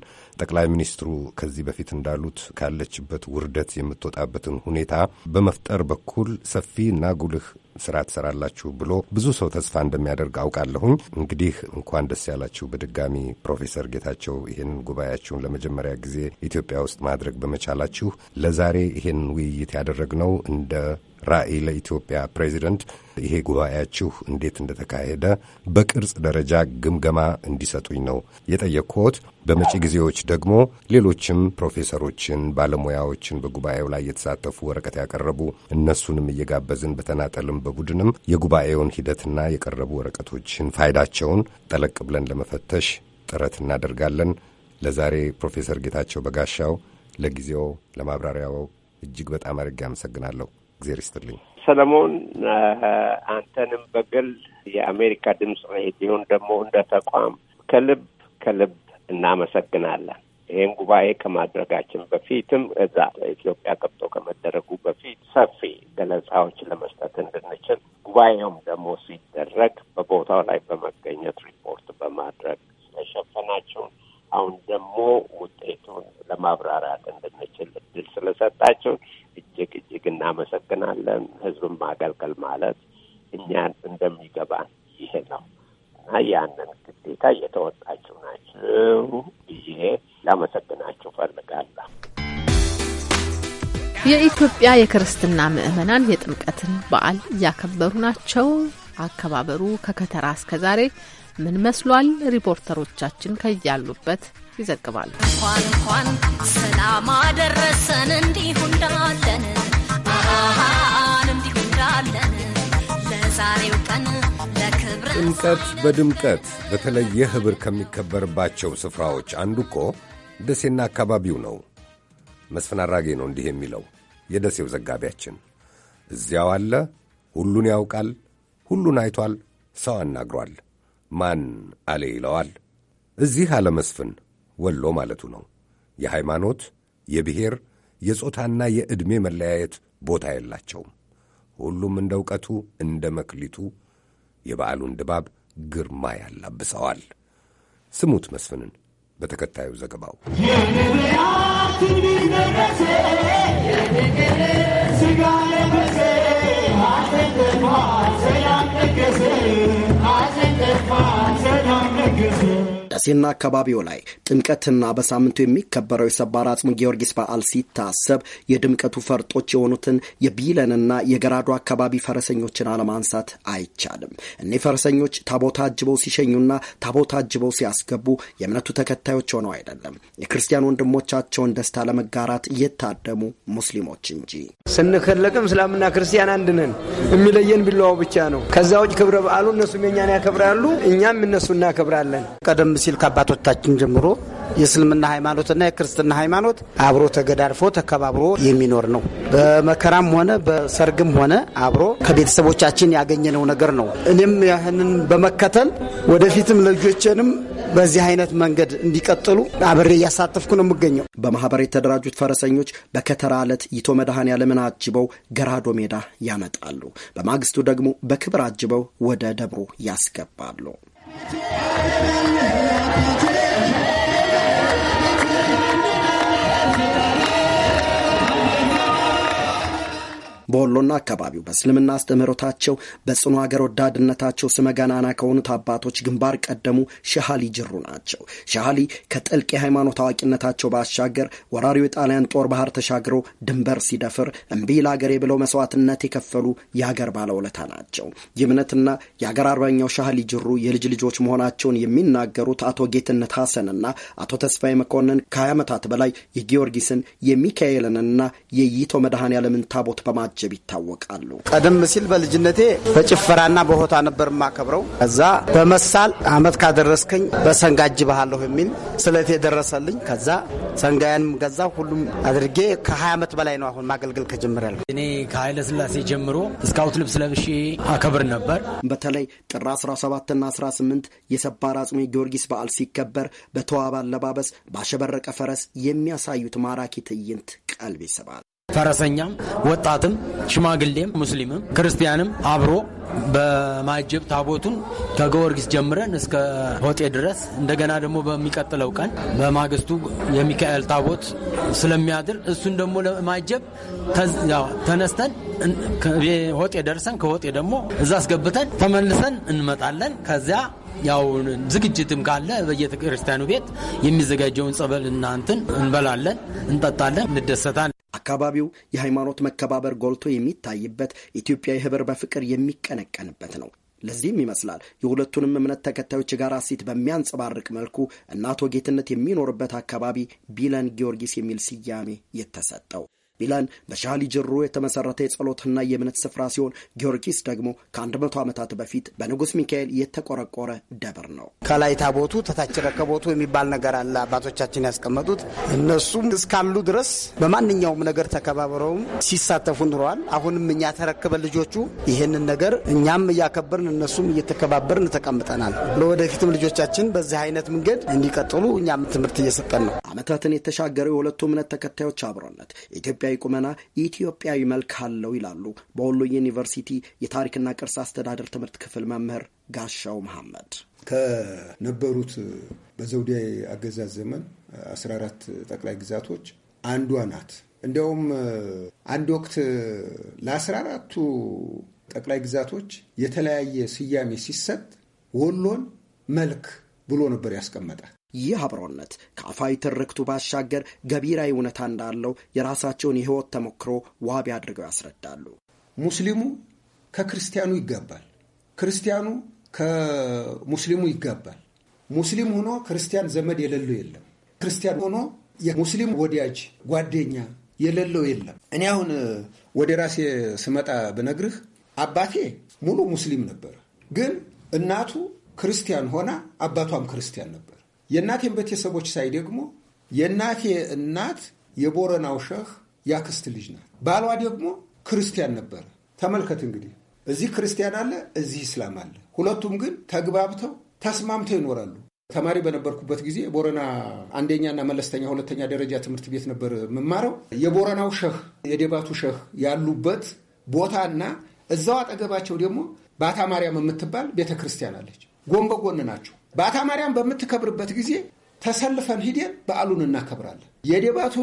ጠቅላይ ሚኒስትሩ ከዚህ በፊት እንዳሉት ካለችበት ውርደት የምትወጣበትን ሁኔታ በመፍጠር በኩል ሰፊ እና ጉልህ ስራ ትሰራላችሁ ብሎ ብዙ ሰው ተስፋ እንደሚያደርግ አውቃለሁኝ። እንግዲህ እንኳን ደስ ያላችሁ በድጋሚ ፕሮፌሰር ጌታቸው ይህንን ጉባኤያችሁን ለመጀመሪያ ለመጀመሪያ ጊዜ ኢትዮጵያ ውስጥ ማድረግ በመቻላችሁ ለዛሬ ይህን ውይይት ያደረግነው እንደ ራዕይ ለኢትዮጵያ ፕሬዚደንት ይሄ ጉባኤያችሁ እንዴት እንደተካሄደ በቅርጽ ደረጃ ግምገማ እንዲሰጡኝ ነው የጠየቅኩት። በመጪ ጊዜዎች ደግሞ ሌሎችም ፕሮፌሰሮችን፣ ባለሙያዎችን በጉባኤው ላይ የተሳተፉ ወረቀት ያቀረቡ እነሱንም እየጋበዝን በተናጠልም በቡድንም የጉባኤውን ሂደትና የቀረቡ ወረቀቶችን ፋይዳቸውን ጠለቅ ብለን ለመፈተሽ ጥረት እናደርጋለን። ለዛሬ ፕሮፌሰር ጌታቸው በጋሻው ለጊዜው ለማብራሪያው እጅግ በጣም አድርጌ አመሰግናለሁ። እግዜር ይስጥልኝ ሰለሞን። አንተንም በግል የአሜሪካ ድምፅ ሬዲዮን ደግሞ እንደ ተቋም ከልብ ከልብ እናመሰግናለን። ይህን ጉባኤ ከማድረጋችን በፊትም እዛ ኢትዮጵያ ገብቶ ከመደረጉ በፊት ሰፊ ገለጻዎች ለመስጠት እንድንችል ጉባኤውም ደግሞ ሲደረግ በቦታው ላይ በመገኘት ሪፖርት በማድረግ ስለሸፈናቸውን አሁን ደግሞ ውጤቱን ለማብራራት እንድንችል እድል ስለሰጣቸው እጅግ እጅግ እናመሰግናለን። ህዝብን ማገልገል ማለት እኛን እንደሚገባን ይሄ ነው እና ያንን ግዴታ እየተወጣችሁ ናችሁ ብዬ ላመሰግናችሁ ፈልጋለሁ። የኢትዮጵያ የክርስትና ምዕመናን የጥምቀትን በዓል እያከበሩ ናቸው። አከባበሩ ከከተራ እስከ ዛሬ ምን መስሏል? ሪፖርተሮቻችን ከያሉበት ይዘግባሉ። እንኳን እንኳን ሰላም አደረሰን እንዲሁ እንዳለን እንዲሁ እንዳለን ለዛሬው ቀን ለክብረ ጥምቀት በድምቀት በተለየ ኅብር ከሚከበርባቸው ስፍራዎች አንዱ እኮ ደሴና አካባቢው ነው። መስፍን አራጌ ነው እንዲህ የሚለው የደሴው ዘጋቢያችን። እዚያው አለ፣ ሁሉን ያውቃል፣ ሁሉን አይቷል፣ ሰው አናግሯል። ማን አሌ ይለዋል። እዚህ አለመስፍን ወሎ ማለቱ ነው። የሃይማኖት የብሔር የጾታና የዕድሜ መለያየት ቦታ የላቸውም። ሁሉም እንደ እውቀቱ እንደ መክሊቱ የበዓሉን ድባብ ግርማ ያላብሰዋል። ስሙት መስፍንን በተከታዩ ዘገባው ስጋ ደሴና አካባቢው ላይ ጥምቀትና በሳምንቱ የሚከበረው የሰባር አጽሙ ጊዮርጊስ በዓል ሲታሰብ የድምቀቱ ፈርጦች የሆኑትን የቢለንና የገራዶ አካባቢ ፈረሰኞችን አለማንሳት አይቻልም። እኔ ፈረሰኞች ታቦታ አጅበው ሲሸኙና ታቦታ አጅበው ሲያስገቡ የእምነቱ ተከታዮች ሆነው አይደለም፣ የክርስቲያን ወንድሞቻቸውን ደስታ ለመጋራት እየታደሙ ሙስሊሞች እንጂ። ስንከለቅም እስላምና ክርስቲያን አንድ ነን፣ የሚለየን ቢላዋው ብቻ ነው። ከዛ ውጭ ክብረ በዓሉ እነሱም የኛን ያከብራሉ ያከብራሉ፣ እኛም እነሱ እናከብራለን። ቀደም ሲል ከአባቶቻችን ጀምሮ የእስልምና ሃይማኖትና የክርስትና ሃይማኖት አብሮ ተገዳድፎ ተከባብሮ የሚኖር ነው። በመከራም ሆነ በሰርግም ሆነ አብሮ ከቤተሰቦቻችን ያገኘነው ነገር ነው። እኔም ያህንን በመከተል ወደፊትም ለልጆቼንም በዚህ አይነት መንገድ እንዲቀጥሉ አብሬ እያሳተፍኩ ነው የምገኘው። በማህበር የተደራጁት ፈረሰኞች በከተራ ዕለት ይቶ መድሃን ያለምን አጅበው ገራዶ ሜዳ ያመጣሉ። በማግስቱ ደግሞ በክብር አጅበው ወደ ደብሩ ያስገባሉ። በወሎና አካባቢው በእስልምና አስተምህሮታቸው በጽኑ ሀገር ወዳድነታቸው ስመገናና ከሆኑት አባቶች ግንባር ቀደሙ ሻሃሊ ጅሩ ናቸው። ሻሃሊ ከጥልቅ የሃይማኖት አዋቂነታቸው ባሻገር ወራሪው የጣሊያን ጦር ባህር ተሻግሮ ድንበር ሲደፍር እምቢ ለአገሬ ብለው መስዋዕትነት የከፈሉ የአገር ባለውለታ ናቸው። የእምነትና የአገር አርበኛው ሻሃሊ ጅሩ የልጅ ልጆች መሆናቸውን የሚናገሩት አቶ ጌትነት ሐሰንና አቶ ተስፋዬ መኮንን ከ20 ዓመታት በላይ የጊዮርጊስን የሚካኤልንና የይቶ መድኃኔ ዓለምን ታቦት በማ በማጀብ ይታወቃሉ። ቀደም ሲል በልጅነቴ በጭፈራና በሆታ ነበር የማከብረው። ከዛ በመሳል አመት ካደረስከኝ በሰንጋ አጅብሃለሁ የሚል ስለት የደረሰልኝ። ከዛ ሰንጋያንም ገዛ ሁሉም አድርጌ ከ20 ዓመት በላይ ነው አሁን ማገልገል ከጀምረል። እኔ ከኃይለ ስላሴ ጀምሮ ስካውት ልብስ ለብሼ አከብር ነበር። በተለይ ጥር 17ና 18 የሰባር አጽሜ ጊዮርጊስ በዓል ሲከበር በተዋበ አለባበስ ባሸበረቀ ፈረስ የሚያሳዩት ማራኪ ትዕይንት ቀልብ ይስባል። ፈረሰኛም፣ ወጣትም፣ ሽማግሌም፣ ሙስሊምም ክርስቲያንም አብሮ በማጀብ ታቦቱን ከጊዮርጊስ ጀምረን እስከ ሆጤ ድረስ እንደገና ደግሞ በሚቀጥለው ቀን በማግስቱ የሚካኤል ታቦት ስለሚያድር እሱን ደግሞ ለማጀብ ተነስተን ሆጤ ደርሰን ከሆጤ ደግሞ እዛ አስገብተን ተመልሰን እንመጣለን። ከዚያ ያው ዝግጅትም ካለ በየቤተ ቤት የሚዘጋጀውን ጸበል እናንትን እንበላለን፣ እንጠጣለን፣ እንደሰታለን። አካባቢው የሃይማኖት መከባበር ጎልቶ የሚታይበት ኢትዮጵያዊ ህብር በፍቅር የሚቀነቀንበት ነው። ለዚህም ይመስላል የሁለቱንም እምነት ተከታዮች ጋር እሴት በሚያንጸባርቅ መልኩ እና አቶ ጌትነት የሚኖርበት አካባቢ ቢለን ጊዮርጊስ የሚል ስያሜ የተሰጠው። ቢላል በሻሊ ጅሮ የተመሰረተ የጸሎትና የእምነት ስፍራ ሲሆን ጊዮርጊስ ደግሞ ከ100 ዓመታት በፊት በንጉሥ ሚካኤል የተቆረቆረ ደብር ነው። ከላይ ታቦቱ ተታች ረከቦቱ የሚባል ነገር አለ። አባቶቻችን ያስቀመጡት እነሱም እስካሉ ድረስ በማንኛውም ነገር ተከባብረውም ሲሳተፉ ኑረዋል። አሁንም እኛ ተረክበን ልጆቹ ይህንን ነገር እኛም እያከበርን እነሱም እየተከባበርን ተቀምጠናል። ለወደፊትም ልጆቻችን በዚህ አይነት መንገድ እንዲቀጥሉ እኛም ትምህርት እየሰጠን ነው። ዓመታትን የተሻገረው የሁለቱ እምነት ተከታዮች አብሮነት ኢትዮጵያ ታሪካዊ ቁመና የኢትዮጵያዊ መልክ አለው ይላሉ በወሎ ዩኒቨርሲቲ የታሪክና ቅርስ አስተዳደር ትምህርት ክፍል መምህር ጋሻው መሐመድ። ከነበሩት በዘውዴ አገዛዝ ዘመን 14 ጠቅላይ ግዛቶች አንዷ ናት። እንዲያውም አንድ ወቅት ለ14ቱ ጠቅላይ ግዛቶች የተለያየ ስያሜ ሲሰጥ ወሎን መልክ ብሎ ነበር ያስቀመጣት። ይህ አብሮነት ከአፋዊ ትርክቱ ባሻገር ገቢራዊ እውነታ እንዳለው የራሳቸውን የህይወት ተሞክሮ ዋቢ አድርገው ያስረዳሉ። ሙስሊሙ ከክርስቲያኑ ይገባል። ክርስቲያኑ ከሙስሊሙ ይገባል። ሙስሊም ሆኖ ክርስቲያን ዘመድ የሌለው የለም። ክርስቲያን ሆኖ የሙስሊም ወዳጅ ጓደኛ የሌለው የለም። እኔ አሁን ወደ ራሴ ስመጣ ብነግርህ አባቴ ሙሉ ሙስሊም ነበር፣ ግን እናቱ ክርስቲያን ሆና አባቷም ክርስቲያን ነበር። የእናቴን ቤተሰቦች ሳይ ደግሞ የእናቴ እናት የቦረናው ሸህ ያክስት ልጅ ናት። ባሏ ደግሞ ክርስቲያን ነበረ። ተመልከት እንግዲህ እዚህ ክርስቲያን አለ፣ እዚህ እስላም አለ። ሁለቱም ግን ተግባብተው ተስማምተው ይኖራሉ። ተማሪ በነበርኩበት ጊዜ የቦረና አንደኛና መለስተኛ ሁለተኛ ደረጃ ትምህርት ቤት ነበር የምማረው። የቦረናው ሸህ የደባቱ ሸህ ያሉበት እና እዛው አጠገባቸው ደግሞ ባታ ማርያም የምትባል ቤተ ክርስቲያን አለች። ጎን በጎን ናቸው። በአታ ማርያም በምትከብርበት ጊዜ ተሰልፈን ሂደን በዓሉን እናከብራለን። የደባቱ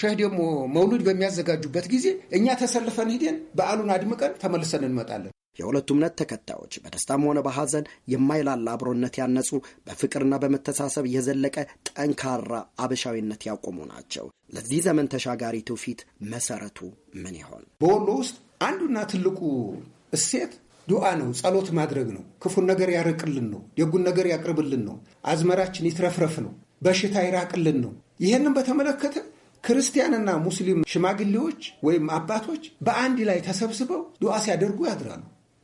ሸህ ደግሞ መውሉድ በሚያዘጋጁበት ጊዜ እኛ ተሰልፈን ሂደን በዓሉን አድምቀን ተመልሰን እንመጣለን። የሁለቱ እምነት ተከታዮች በደስታም ሆነ በሐዘን የማይላላ አብሮነት ያነጹ፣ በፍቅርና በመተሳሰብ የዘለቀ ጠንካራ አበሻዊነት ያቆሙ ናቸው። ለዚህ ዘመን ተሻጋሪ ትውፊት መሰረቱ ምን ይሆን? በወሎ ውስጥ አንዱና ትልቁ እሴት ዱዓ ነው፣ ጸሎት ማድረግ ነው፣ ክፉን ነገር ያርቅልን ነው፣ ደጉን ነገር ያቅርብልን ነው፣ አዝመራችን ይትረፍረፍ ነው፣ በሽታ ይራቅልን ነው። ይህንም በተመለከተ ክርስቲያንና ሙስሊም ሽማግሌዎች ወይም አባቶች በአንድ ላይ ተሰብስበው ዱዓ ሲያደርጉ ያድራሉ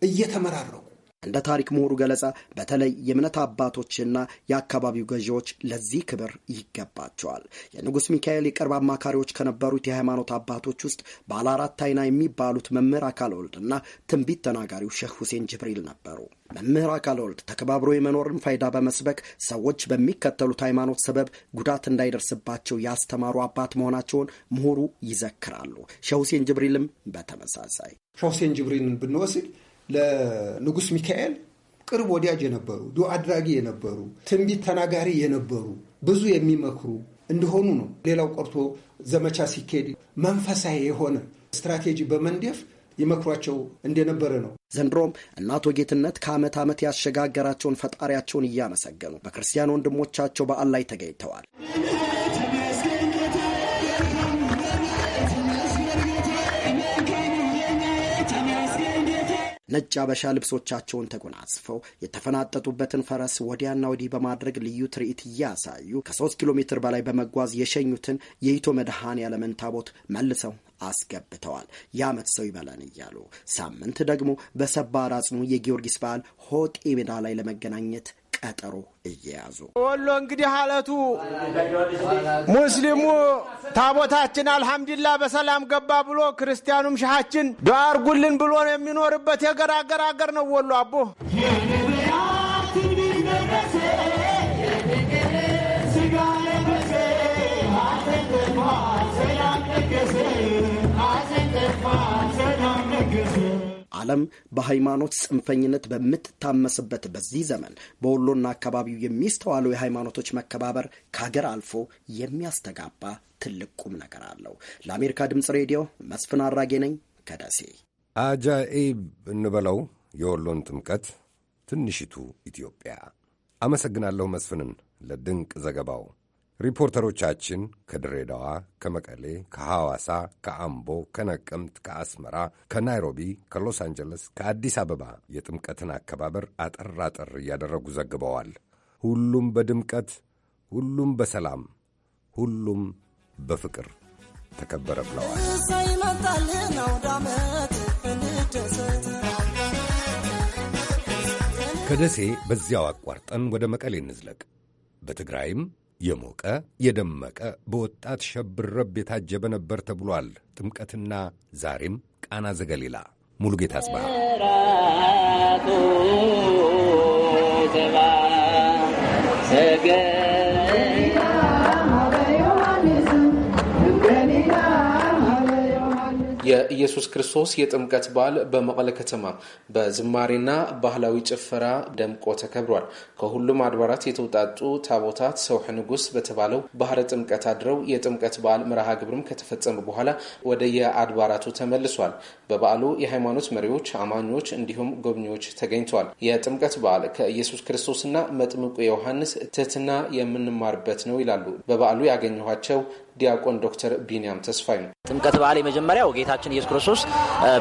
እየተመራረው እንደ ታሪክ ምሁሩ ገለጻ በተለይ የእምነት አባቶችና የአካባቢው ገዢዎች ለዚህ ክብር ይገባቸዋል። የንጉሥ ሚካኤል የቅርብ አማካሪዎች ከነበሩት የሃይማኖት አባቶች ውስጥ ባለ አራት አይና የሚባሉት መምህር አካል ወልድና ትንቢት ተናጋሪው ሼህ ሁሴን ጅብሪል ነበሩ። መምህር አካል ወልድ ተከባብሮ የመኖርን ፋይዳ በመስበክ ሰዎች በሚከተሉት ሃይማኖት ሰበብ ጉዳት እንዳይደርስባቸው ያስተማሩ አባት መሆናቸውን ምሁሩ ይዘክራሉ። ሼህ ሁሴን ጅብሪልም በተመሳሳይ ሼህ ሁሴን ጅብሪልን ብንወስድ ለንጉስ ሚካኤል ቅርብ ወዳጅ የነበሩ ዱ አድራጊ የነበሩ ትንቢት ተናጋሪ የነበሩ ብዙ የሚመክሩ እንደሆኑ ነው። ሌላው ቀርቶ ዘመቻ ሲካሄድ መንፈሳዊ የሆነ ስትራቴጂ በመንደፍ ይመክሯቸው እንደነበረ ነው። ዘንድሮም እነ አቶ ጌትነት ከዓመት ዓመት ያሸጋገራቸውን ፈጣሪያቸውን እያመሰገኑ በክርስቲያን ወንድሞቻቸው በዓል ላይ ተገኝተዋል። ነጭ አበሻ ልብሶቻቸውን ተጎናጽፈው የተፈናጠጡበትን ፈረስ ወዲያና ወዲህ በማድረግ ልዩ ትርኢት እያሳዩ ከሶስት ኪሎ ሜትር በላይ በመጓዝ የሸኙትን የኢቶ መድሃን ያለምን ታቦት መልሰው አስገብተዋል። የዓመት ሰው ይበለን እያሉ ሳምንት ደግሞ በሰባ ራጽኑ የጊዮርጊስ በዓል ሆጤ ሜዳ ላይ ለመገናኘት ቀጠሮ እየያዙ ወሎ እንግዲህ አለቱ ሙስሊሙ ታቦታችን አልሐምዱላ በሰላም ገባ ብሎ ክርስቲያኑም ሻሃችን ዶ አርጉልን ብሎ የሚኖርበት የገራገር አገር ነው ወሎ አቦ ዓለም በሃይማኖት ጽንፈኝነት በምትታመስበት በዚህ ዘመን በወሎና አካባቢው የሚስተዋለው የሃይማኖቶች መከባበር ከሀገር አልፎ የሚያስተጋባ ትልቅ ቁም ነገር አለው። ለአሜሪካ ድምፅ ሬዲዮ መስፍን አራጌ ነኝ ከደሴ። አጃኢብ እንበለው የወሎን ጥምቀት ትንሽቱ ኢትዮጵያ። አመሰግናለሁ መስፍንን ለድንቅ ዘገባው። ሪፖርተሮቻችን ከድሬዳዋ፣ ከመቀሌ፣ ከሐዋሳ፣ ከአምቦ፣ ከነቀምት፣ ከአስመራ፣ ከናይሮቢ፣ ከሎስ አንጀለስ፣ ከአዲስ አበባ የጥምቀትን አከባበር አጠር አጠር እያደረጉ ዘግበዋል። ሁሉም በድምቀት ሁሉም በሰላም ሁሉም በፍቅር ተከበረ ብለዋል። ከደሴ በዚያው አቋርጠን ወደ መቀሌ እንዝለቅ። በትግራይም የሞቀ የደመቀ በወጣት ሸብረብ የታጀበ ነበር ተብሏል። ጥምቀትና ዛሬም ቃና ዘገሊላ ሙሉጌታ አጽብሃ ሰገ ኢየሱስ ክርስቶስ የጥምቀት በዓል በመቀለ ከተማ በዝማሬና ባህላዊ ጭፈራ ደምቆ ተከብሯል። ከሁሉም አድባራት የተውጣጡ ታቦታት ሰውሕ ንጉስ በተባለው ባህረ ጥምቀት አድረው የጥምቀት በዓል መርሃ ግብርም ከተፈጸመ በኋላ ወደ የአድባራቱ ተመልሷል። በበዓሉ የሃይማኖት መሪዎች፣ አማኞች እንዲሁም ጎብኚዎች ተገኝተዋል። የጥምቀት በዓል ከኢየሱስ ክርስቶስና መጥምቁ ዮሐንስ ትህትና የምንማርበት ነው ይላሉ በበዓሉ ያገኘኋቸው ዲያቆን ዶክተር ቢንያም ተስፋይ ነው። ጥምቀት በዓል የመጀመሪያው ጌታችን ኢየሱስ ክርስቶስ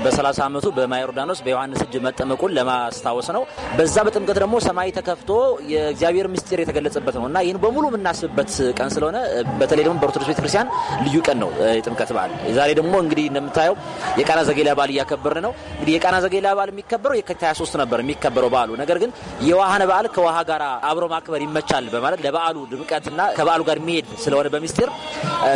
በ30 ዓመቱ በማየ ዮርዳኖስ በዮሐንስ እጅ መጠመቁን ለማስታወስ ነው። በዛ በጥምቀት ደግሞ ሰማይ ተከፍቶ የእግዚአብሔር ምስጢር የተገለጸበት ነው እና ይህን በሙሉ የምናስብበት ቀን ስለሆነ በተለይ ደግሞ በኦርቶዶክስ ቤተክርስቲያን ልዩ ቀን ነው የጥምቀት በዓል። ዛሬ ደግሞ እንግዲህ እንደምታየው የቃና ዘጌላ በዓል እያከበርን ነው። እንግዲህ የቃና ዘጌላ በዓል የሚከበረው የካቲት 23 ነበር የሚከበረው በዓሉ። ነገር ግን የውሃን በዓል ከውሃ ጋር አብሮ ማክበር ይመቻል በማለት ለበዓሉ ድምቀትና ከበዓሉ ጋር የሚሄድ ስለሆነ በሚስጢር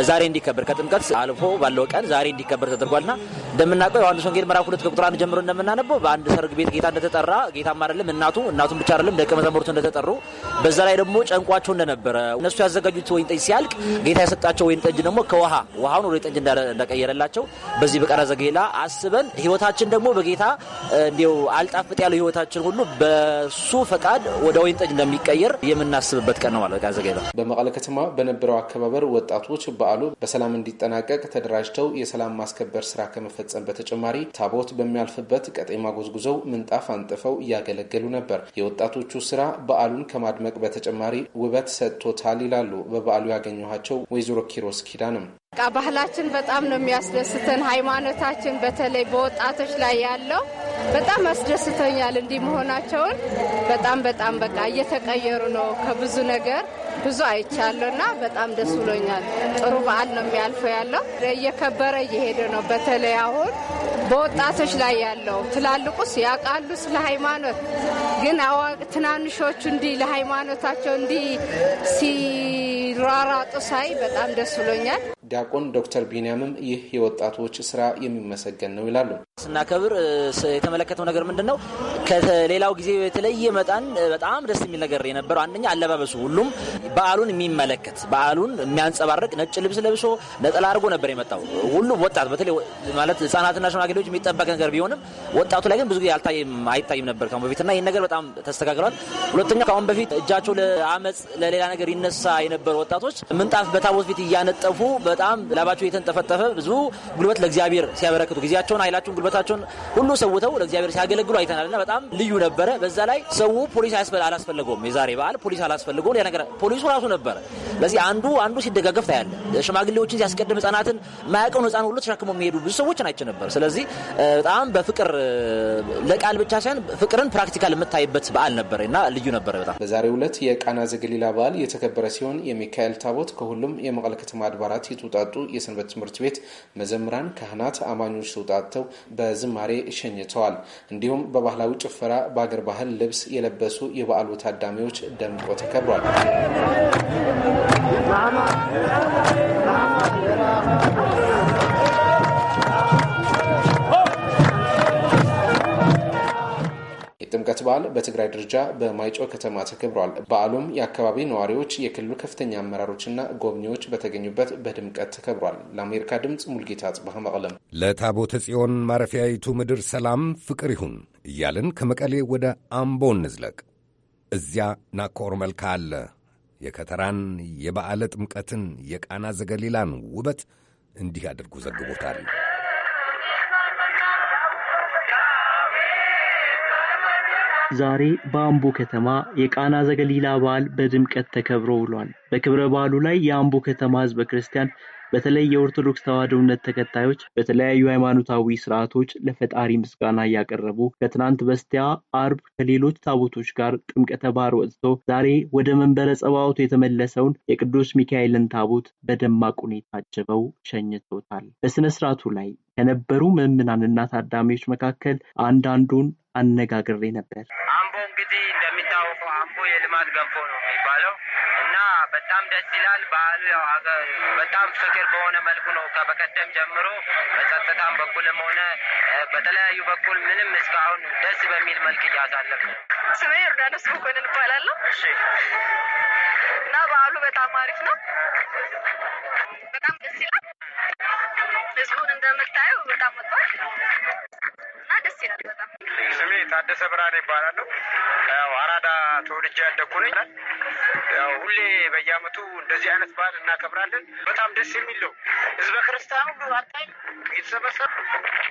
ዛሬ እንዲከበር ከጥምቀት አልፎ ባለው ቀን ዛሬ እንዲከበር ተደርጓልና እንደምናውቀው ዮሐንስ ወንጌል ምዕራፍ ሁለት ከቁጥር አንድ ጀምሮ እንደምናነበው በአንድ ሰርግ ቤት ጌታ እንደተጠራ ጌታም አይደለም እናቱ እናቱን ብቻ አይደለም ደቀ መዛሙርቱ እንደተጠሩ በዛ ላይ ደግሞ ጨንቋቸው እንደነበረ እነሱ ያዘጋጁት ወይን ጠጅ ሲያልቅ ጌታ የሰጣቸው ወይን ጠጅ ደግሞ ከውሃ ውሃውን ወደ ጠጅ እንዳቀየረላቸው በዚህ በቀራ ዘገሊላ አስበን ህይወታችን ደግሞ በጌታ እንዲው አልጣፍጥ ያለው ህይወታችን ሁሉ በሱ ፈቃድ ወደ ወይን ጠጅ እንደሚቀየር የምናስብበት ቀን ነው ማለት በመቀለ ከተማ በነበረው አከባበር ወጣቶች በዓሉ በሰላም እንዲጠናቀቅ ተደራጅተው የሰላም ማስከበር ስራ ከመፈጸም በተጨማሪ ታቦት በሚያልፍበት ቀጤማ ጎዝጉዘው ምንጣፍ አንጥፈው እያገለገሉ ነበር። የወጣቶቹ ስራ በዓሉን ከማድመቅ በተጨማሪ ውበት ሰጥቶታል ይላሉ በበዓሉ ያገኘኋቸው ወይዘሮ ኪሮስ ኪዳንም። በቃ ባህላችን በጣም ነው የሚያስደስተን። ሃይማኖታችን በተለይ በወጣቶች ላይ ያለው በጣም አስደስተኛል እንዲህ መሆናቸውን በጣም በጣም በቃ እየተቀየሩ ነው ከብዙ ነገር ብዙ አይቻለሁ እና በጣም ደስ ብሎኛል። ጥሩ በዓል ነው የሚያልፈው ያለው እየከበረ እየሄደ ነው። በተለይ አሁን በወጣቶች ላይ ያለው ትላልቁስ ያውቃሉ ስለ ሃይማኖት፣ ግን ትናንሾቹ እንዲህ ለሃይማኖታቸው እንዲህ ሲሯሯጡ ሳይ በጣም ደስ ብሎኛል። ዲያቆን ዶክተር ቢንያምም ይህ የወጣቶች ስራ የሚመሰገን ነው ይላሉ። ስናከብር የተመለከተው ነገር ምንድን ነው? ከሌላው ጊዜ የተለየ መጣን። በጣም ደስ የሚል ነገር የነበረው አንደኛ አለባበሱ፣ ሁሉም በዓሉን የሚመለከት በዓሉን የሚያንጸባርቅ ነጭ ልብስ ለብሶ ነጠላ አድርጎ ነበር የመጣው። ሁሉም ወጣት በተለይ ማለት ህጻናትና ሽማግሌዎች የሚጠበቅ ነገር ቢሆንም ወጣቱ ላይ ግን ብዙ ጊዜ አይታይም ነበር ከአሁን በፊት እና ይህን ነገር በጣም ተስተካክሏል። ሁለተኛ ከአሁን በፊት እጃቸው ለአመፅ ለሌላ ነገር ይነሳ የነበሩ ወጣቶች ምንጣፍ በታቦት ፊት እያነጠፉ በጣም ላባቸው የተንጠፈጠፈ ብዙ ጉልበት ለእግዚአብሔር ሲያበረክቱ ጊዜያቸውን፣ ኃይላቸውን፣ ጉልበታቸውን ሁሉ ሰውተው ለእግዚአብሔር ሲያገለግሉ አይተናል በጣም ልዩ ነበረ። በዛ ላይ ሰው ፖሊስ አላስፈለገውም። የዛሬ በዓል ፖሊስ አላስፈለገውም። ያ ነገር ፖሊሱ ራሱ ነበረ። ስለዚህ አንዱ አንዱ ሲደጋገፍ ታያለ። ሽማግሌዎችን ሲያስቀድም ህጻናትን ማያውቀውን ህጻን ሁሉ ተሸክመው የሚሄዱ ብዙ ሰዎች ናቸው ነበር። ስለዚህ በጣም በፍቅር ለቃል ብቻ ሳይሆን ፍቅርን ፕራክቲካል የምታይበት በዓል ነበር እና ልዩ ነበረ በጣም በዛሬው ዕለት የቃና ዘገሊላ በዓል የተከበረ ሲሆን የሚካኤል ታቦት ከሁሉም የመቀለ ከተማ አድባራት ይጡ የተውጣጡ የሰንበት ትምህርት ቤት መዘምራን፣ ካህናት፣ አማኞች ተውጣጥተው በዝማሬ ሸኝተዋል። እንዲሁም በባህላዊ ጭፈራ በአገር ባህል ልብስ የለበሱ የበዓሉ ታዳሚዎች ደምቆ ተከብሯል። በዓል በትግራይ ደረጃ በማይጮ ከተማ ተከብሯል። በዓሉም የአካባቢ ነዋሪዎች፣ የክልሉ ከፍተኛ አመራሮችና ጎብኚዎች በተገኙበት በድምቀት ተከብሯል። ለአሜሪካ ድምፅ ሙልጌታ አጽባህ መቅለም። ለታቦተ ጽዮን ማረፊያይቱ ምድር ሰላም ፍቅር ይሁን እያልን ከመቀሌ ወደ አምቦ እንዝለቅ። እዚያ ናኮር መልካ አለ። የከተራን የበዓለ ጥምቀትን የቃና ዘገሊላን ውበት እንዲህ አድርጉ ዘግቦታል። ዛሬ በአምቦ ከተማ የቃና ዘገሊላ በዓል በድምቀት ተከብሮ ውሏል። በክብረ በዓሉ ላይ የአምቦ ከተማ ህዝበ ክርስቲያን በተለይ የኦርቶዶክስ ተዋሕዶ እምነት ተከታዮች በተለያዩ ሃይማኖታዊ ስርዓቶች ለፈጣሪ ምስጋና እያቀረቡ ከትናንት በስቲያ አርብ ከሌሎች ታቦቶች ጋር ጥምቀተ ባህር ወጥቶ ዛሬ ወደ መንበረ ጸባዖቱ የተመለሰውን የቅዱስ ሚካኤልን ታቦት በደማቅ ሁኔታ አጅበው ሸኝተውታል። በሥነ ሥርዓቱ ላይ ከነበሩ ምዕምናንና ታዳሚዎች መካከል አንዳንዱን አነጋግሬ ነበር። አምቦ እንግዲህ እንደሚታወቀው አምቦ የልማት ገንፎ ነው። ደስ ይላል። በዓሉ ያው በጣም ፍቅር በሆነ መልኩ ነው ከበቀደም ጀምሮ በጸጥታም በኩልም ሆነ በተለያዩ በኩል ምንም እስካሁን ደስ በሚል መልክ እያሳለፍ ነው። ስሜ ዮርዳኖስ መኮንን እባላለሁ እና በዓሉ በጣም አሪፍ ነው። በጣም ደስ ይላል። ህዝቡን እንደምታየው በጣም ወጥቷል። እና ደስ ይላል በጣም። ስሜ ታደሰ ብርሃን ይባላሉ። አራዳ ተወልጄ ያደኩ ነኝ። ሁሌ በየአመቱ እንደዚህ አይነት በዓል እናከብራለን። በጣም ደስ የሚል ነው። ህዝበ ክርስቲያኑ ሁሉ አታይ የተሰበሰብ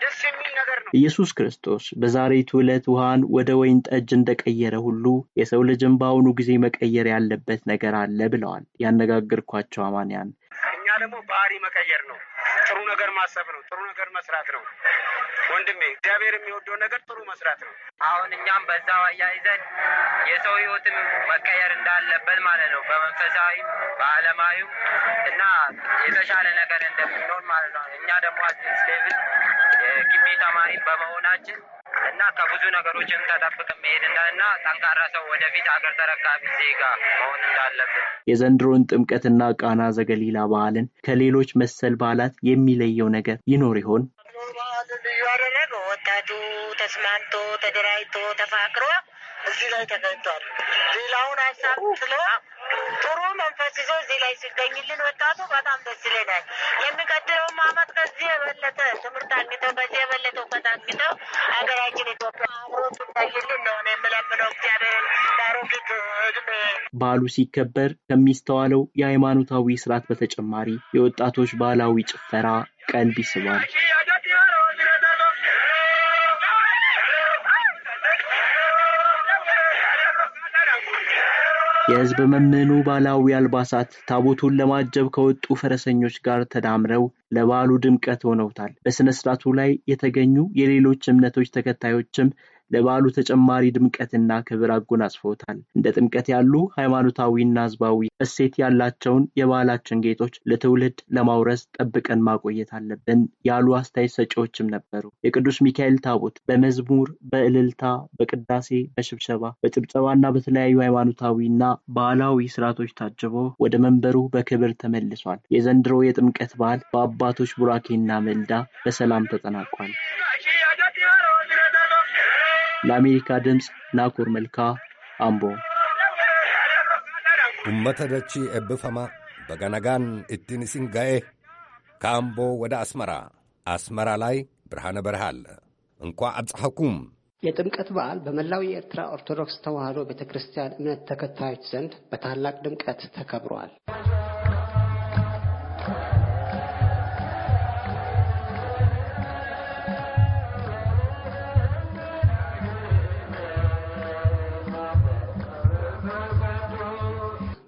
ደስ የሚል ነገር ነው። ኢየሱስ ክርስቶስ በዛሬቱ ዕለት ውሃን ወደ ወይን ጠጅ እንደቀየረ ሁሉ የሰው ልጅም በአሁኑ ጊዜ መቀየር ያለበት ነገር አለ ብለዋል ያነጋገርኳቸው አማንያን። እኛ ደግሞ ባህሪ መቀየር ነው ጥሩ ነገር ማሰብ ነው። ጥሩ ነገር መስራት ነው። ወንድሜ እግዚአብሔር የሚወደው ነገር ጥሩ መስራት ነው። አሁን እኛም በዛው አያይዘን የሰው ህይወትን መቀየር እንዳለበት ማለት ነው። በመንፈሳዊም በአለማዊም እና የተሻለ ነገር እንደምንሆን ማለት ነው። እኛ ደግሞ አዲስ ሌቭል የግቢ ተማሪ በመሆናችን እና ከብዙ ነገሮችም ተጠብቅ መሄድ እና ጠንካራ ሰው ወደፊት አገር ተረካቢ ዜጋ መሆን እንዳለብን የዘንድሮን ጥምቀትና ቃና ዘገሊላ በዓልን ከሌሎች መሰል በዓላት የሚለየው ነገር ይኖር ይሆን? ልዩ ወጣቱ ተስማምቶ ተደራጅቶ ተፋቅሮ እዚህ ላይ ተገኝቷል። ሌላውን ሀሳብ ጥሎ ጥሩ መንፈስ ይዞ እዚህ ላይ ሲገኝልን ወጣቱ በጣም ደስ ይለናል። የሚቀጥለውም አመት ከዚህ የበለጠ ትምህርት አግኝተው ከዚህ የበለጠ እውቀት አግኝተው ሀገራችን ኢትዮጵያ አብሮ ይታይልን ነው የምለምነው እግዚአብሔርን ባሮኪት እድሜ። በዓሉ ሲከበር ከሚስተዋለው የሃይማኖታዊ ስርዓት በተጨማሪ የወጣቶች ባህላዊ ጭፈራ ቀልብ ይስባል። የሕዝብ መምህኑ ባህላዊ አልባሳት ታቦቱን ለማጀብ ከወጡ ፈረሰኞች ጋር ተዳምረው ለበዓሉ ድምቀት ሆነውታል። በሥነ ሥርዓቱ ላይ የተገኙ የሌሎች እምነቶች ተከታዮችም ለበዓሉ ተጨማሪ ድምቀትና ክብር አጎናጽፈውታል። እንደ ጥምቀት ያሉ ሃይማኖታዊና ህዝባዊ እሴት ያላቸውን የባህላችን ጌጦች ለትውልድ ለማውረስ ጠብቀን ማቆየት አለብን ያሉ አስተያየት ሰጪዎችም ነበሩ። የቅዱስ ሚካኤል ታቦት በመዝሙር፣ በእልልታ፣ በቅዳሴ፣ በሽብሸባ፣ በጭብጨባና በተለያዩ ሃይማኖታዊና ባህላዊ ስርዓቶች ታጅቦ ወደ መንበሩ በክብር ተመልሷል። የዘንድሮ የጥምቀት በዓል በአባቶች ቡራኬና መልዳ በሰላም ተጠናቋል። ለአሜሪካ ድምፅ ናኮር መልካ አምቦ ደቺ ኤብፈማ በገነጋን እትንስንጋኤ ከአምቦ ወደ አስመራ አስመራ ላይ ብርሃነ በረሃ አለ። እንኳ አብጽሐኩም። የጥምቀት በዓል በመላው የኤርትራ ኦርቶዶክስ ተዋህዶ ቤተ ክርስቲያን እምነት ተከታዮች ዘንድ በታላቅ ድምቀት ተከብሯል።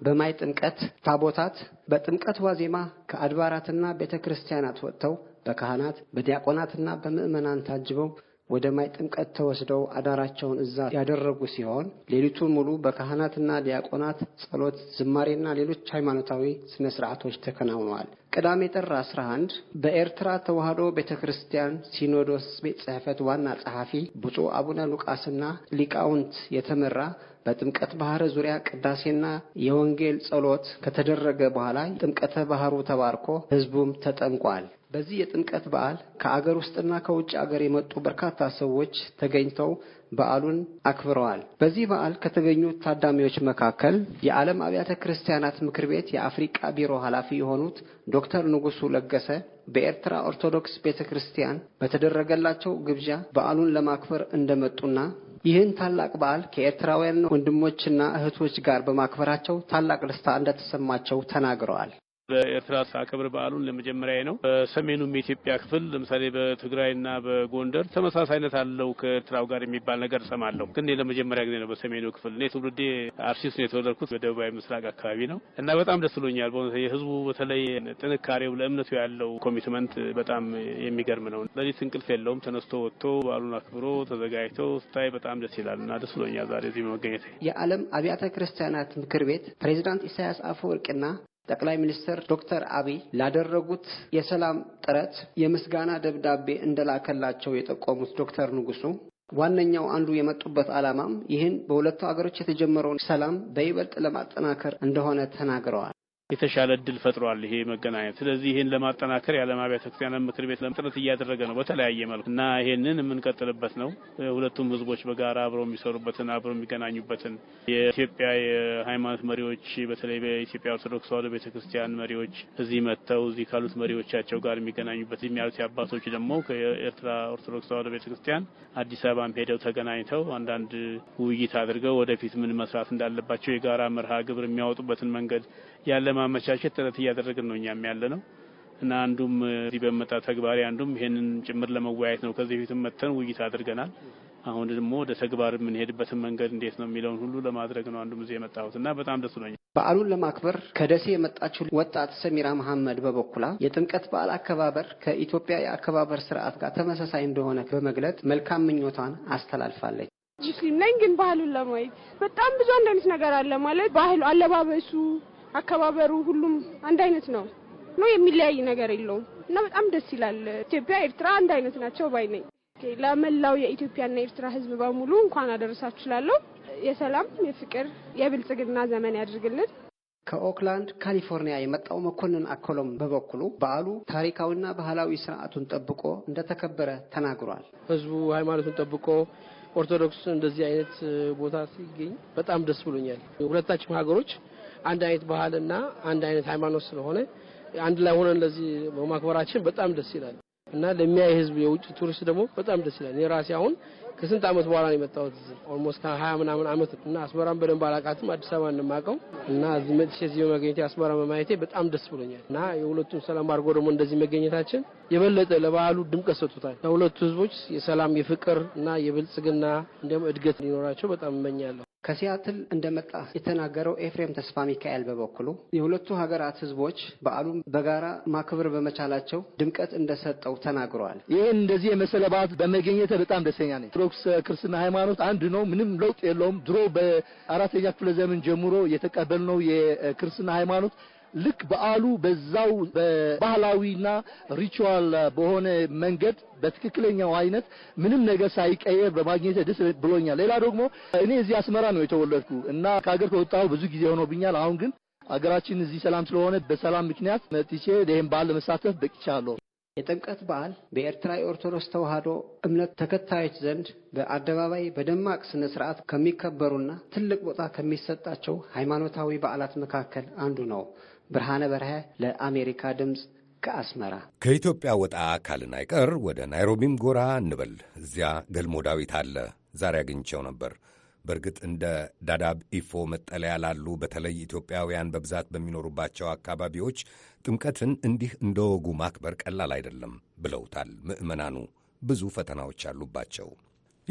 በማይ ጥምቀት ታቦታት በጥምቀት ዋዜማ ከአድባራትና ቤተ ክርስቲያናት ወጥተው በካህናት በዲያቆናትና በምዕመናን ታጅበው ወደ ማይ ጥምቀት ተወስደው አዳራቸውን እዛ ያደረጉ ሲሆን ሌሊቱን ሙሉ በካህናትና ዲያቆናት ጸሎት፣ ዝማሬና ሌሎች ሃይማኖታዊ ስነ ስርዓቶች ተከናውነዋል። ቅዳሜ ጥር 11 በኤርትራ ተዋሕዶ ቤተ ክርስቲያን ሲኖዶስ ቤት ጽሕፈት ዋና ጸሐፊ ብፁዕ አቡነ ሉቃስና ሊቃውንት የተመራ በጥምቀት ባህረ ዙሪያ ቅዳሴና የወንጌል ጸሎት ከተደረገ በኋላ ጥምቀተ ባህሩ ተባርኮ ህዝቡም ተጠምቋል። በዚህ የጥምቀት በዓል ከአገር ውስጥና ከውጭ አገር የመጡ በርካታ ሰዎች ተገኝተው በዓሉን አክብረዋል። በዚህ በዓል ከተገኙ ታዳሚዎች መካከል የዓለም አብያተ ክርስቲያናት ምክር ቤት የአፍሪቃ ቢሮ ኃላፊ የሆኑት ዶክተር ንጉሱ ለገሰ በኤርትራ ኦርቶዶክስ ቤተ ክርስቲያን በተደረገላቸው ግብዣ በዓሉን ለማክበር እንደመጡና ይህን ታላቅ በዓል ከኤርትራውያን ወንድሞችና እህቶች ጋር በማክበራቸው ታላቅ ደስታ እንደተሰማቸው ተናግረዋል። በኤርትራ ሳከብር በዓሉን ለመጀመሪያ ነው። በሰሜኑም የኢትዮጵያ ክፍል ለምሳሌ በትግራይና በጎንደር ተመሳሳይነት አለው ከኤርትራው ጋር የሚባል ነገር ሰማለሁ፣ ግን ለመጀመሪያ ጊዜ ነው በሰሜኑ ክፍል። እኔ ትውልዴ አርሲስ ነው የተወለድኩት በደቡባዊ ምስራቅ አካባቢ ነው እና በጣም ደስ ብሎኛል። የህዝቡ በተለይ ጥንካሬው ለእምነቱ ያለው ኮሚትመንት በጣም የሚገርም ነው። ለሊት እንቅልፍ የለውም። ተነስቶ ወጥቶ በዓሉን አክብሮ ተዘጋጅቶ ስታይ በጣም ደስ ይላል እና ደስ ብሎኛል ዛሬ እዚህ መገኘት። የዓለም አብያተ ክርስቲያናት ምክር ቤት ፕሬዚዳንት ኢሳያስ አፈወርቅና ጠቅላይ ሚኒስትር ዶክተር አብይ ላደረጉት የሰላም ጥረት የምስጋና ደብዳቤ እንደላከላቸው የጠቆሙት ዶክተር ንጉሱ ዋነኛው አንዱ የመጡበት ዓላማም ይህን በሁለቱ አገሮች የተጀመረውን ሰላም በይበልጥ ለማጠናከር እንደሆነ ተናግረዋል። የተሻለ እድል ፈጥሯል ይሄ መገናኘት። ስለዚህ ይህን ለማጠናከር የዓለም አብያተ ክርስቲያናት ምክር ቤት ጥረት እያደረገ ነው በተለያየ መልኩ እና ይሄንን የምንቀጥልበት ነው። ሁለቱም ህዝቦች በጋራ አብረው የሚሰሩበትን አብረው የሚገናኙበትን የኢትዮጵያ የሃይማኖት መሪዎች በተለይ በኢትዮጵያ ኦርቶዶክስ ተዋሕዶ ቤተ ክርስቲያን መሪዎች እዚህ መጥተው እዚህ ካሉት መሪዎቻቸው ጋር የሚገናኙበት የሚያሉት አባቶች ደግሞ ከኤርትራ ኦርቶዶክስ ተዋሕዶ ቤተ ክርስቲያን አዲስ አበባም ሄደው ተገናኝተው አንዳንድ ውይይት አድርገው ወደፊት ምን መስራት እንዳለባቸው የጋራ መርሃ ግብር የሚያወጡበትን መንገድ ያለማመቻቸት ጥረት እያደረግን ነው እኛም ያለ ነው እና አንዱም እዚህ በመጣ ተግባሪ አንዱም ይሄንን ጭምር ለመወያየት ነው። ከዚህ ፊትም መጥተን ውይይት አድርገናል። አሁን ደግሞ ወደ ተግባር የምንሄድበትን መንገድ እንዴት ነው የሚለውን ሁሉ ለማድረግ ነው አንዱም እዚህ የመጣሁት እና በጣም ደስ ብሎኛል። በዓሉን ለማክበር ከደሴ የመጣችው ወጣት ሰሚራ መሐመድ በበኩላ የጥምቀት በዓል አከባበር ከኢትዮጵያ የአከባበር ስርዓት ጋር ተመሳሳይ እንደሆነ በመግለጥ መልካም ምኞቷን አስተላልፋለች። ሙስሊም ነኝ ግን ባህሉን ለማየት በጣም ብዙ አንዳንድ ነገር አለ ማለት ባህሉ፣ አለባበሱ አከባበሩ ሁሉም አንድ አይነት ነው ነው የሚለያይ ነገር የለውም እና በጣም ደስ ይላል። ኢትዮጵያ ኤርትራ አንድ አይነት ናቸው ባይ ነኝ። ለመላው የኢትዮጵያና የኤርትራ ሕዝብ በሙሉ እንኳን አደረሳችሁ እላለሁ። የሰላም የፍቅር፣ የብልጽግና ዘመን ያድርግልን። ከኦክላንድ ካሊፎርኒያ የመጣው መኮንን አኮሎም በበኩሉ በዓሉ ታሪካዊና ባህላዊ ስርዓቱን ጠብቆ እንደተከበረ ተናግሯል። ህዝቡ ሃይማኖቱን ጠብቆ ኦርቶዶክስ እንደዚህ አይነት ቦታ ሲገኝ በጣም ደስ ብሎኛል። ሁለታችም ሀገሮች አንድ አይነት ባህልና አንድ አይነት ሃይማኖት ስለሆነ አንድ ላይ ሆነን ለዚህ በማክበራችን በጣም ደስ ይላል እና ለሚያይ ህዝብ የውጭ ቱሪስት ደግሞ በጣም ደስ ይላል። እኔ ራሴ አሁን ከስንት ዓመት በኋላ ነው የመጣሁት እዚህ ኦልሞስት ከሀያ ምናምን አመት እና አስመራን በደንብ አላውቃትም፣ አዲስ አበባ እንደማውቀው እና እዚህ መጥቼ እዚህ በመገኘቴ አስመራ በማየቴ በጣም ደስ ብሎኛል እና የሁለቱም ሰላም አድርጎ ደግሞ እንደዚህ መገኘታችን የበለጠ ለበዓሉ ድምቀት ሰጥቶታል። ለሁለቱ ህዝቦች የሰላም የፍቅር እና የብልጽግና እንዲሁም እድገት ሊኖራቸው በጣም እመኛለሁ። ከሲያትል እንደመጣ የተናገረው ኤፍሬም ተስፋ ሚካኤል በበኩሉ የሁለቱ ሀገራት ህዝቦች በዓሉም በጋራ ማክበር በመቻላቸው ድምቀት እንደሰጠው ተናግረዋል። ይህን እንደዚህ የመሰለ በዓል በመገኘት በጣም ደስተኛ ነኝ። ኦርቶዶክስ ክርስትና ሃይማኖት አንድ ነው፣ ምንም ለውጥ የለውም። ድሮ በአራተኛ ክፍለ ዘመን ጀምሮ የተቀበልነው የክርስትና ሃይማኖት ልክ በዓሉ በዛው በባህላዊና ሪቹዋል በሆነ መንገድ በትክክለኛው አይነት ምንም ነገር ሳይቀየር በማግኘት ደስ ብሎኛል። ሌላ ደግሞ እኔ እዚህ አስመራ ነው የተወለድኩ እና ከሀገር ከወጣሁ ብዙ ጊዜ ሆኖብኛል። አሁን ግን አገራችን እዚህ ሰላም ስለሆነ በሰላም ምክንያት መጥቼ ይህን በዓል ለመሳተፍ በቅቻለሁ። የጥምቀት በዓል በኤርትራ የኦርቶዶክስ ተዋህዶ እምነት ተከታዮች ዘንድ በአደባባይ በደማቅ ስነ ስርዓት ከሚከበሩና ትልቅ ቦታ ከሚሰጣቸው ሃይማኖታዊ በዓላት መካከል አንዱ ነው። ብርሃነ በርሀ ለአሜሪካ ድምፅ ከአስመራ። ከኢትዮጵያ ወጣ አካልን አይቀር ወደ ናይሮቢም ጎራ እንበል። እዚያ ገልሞ ዳዊት አለ። ዛሬ አግኝቸው ነበር። በእርግጥ እንደ ዳዳብ ኢፎ መጠለያ ላሉ በተለይ ኢትዮጵያውያን በብዛት በሚኖሩባቸው አካባቢዎች ጥምቀትን እንዲህ እንደ ወጉ ማክበር ቀላል አይደለም ብለውታል ምዕመናኑ። ብዙ ፈተናዎች አሉባቸው።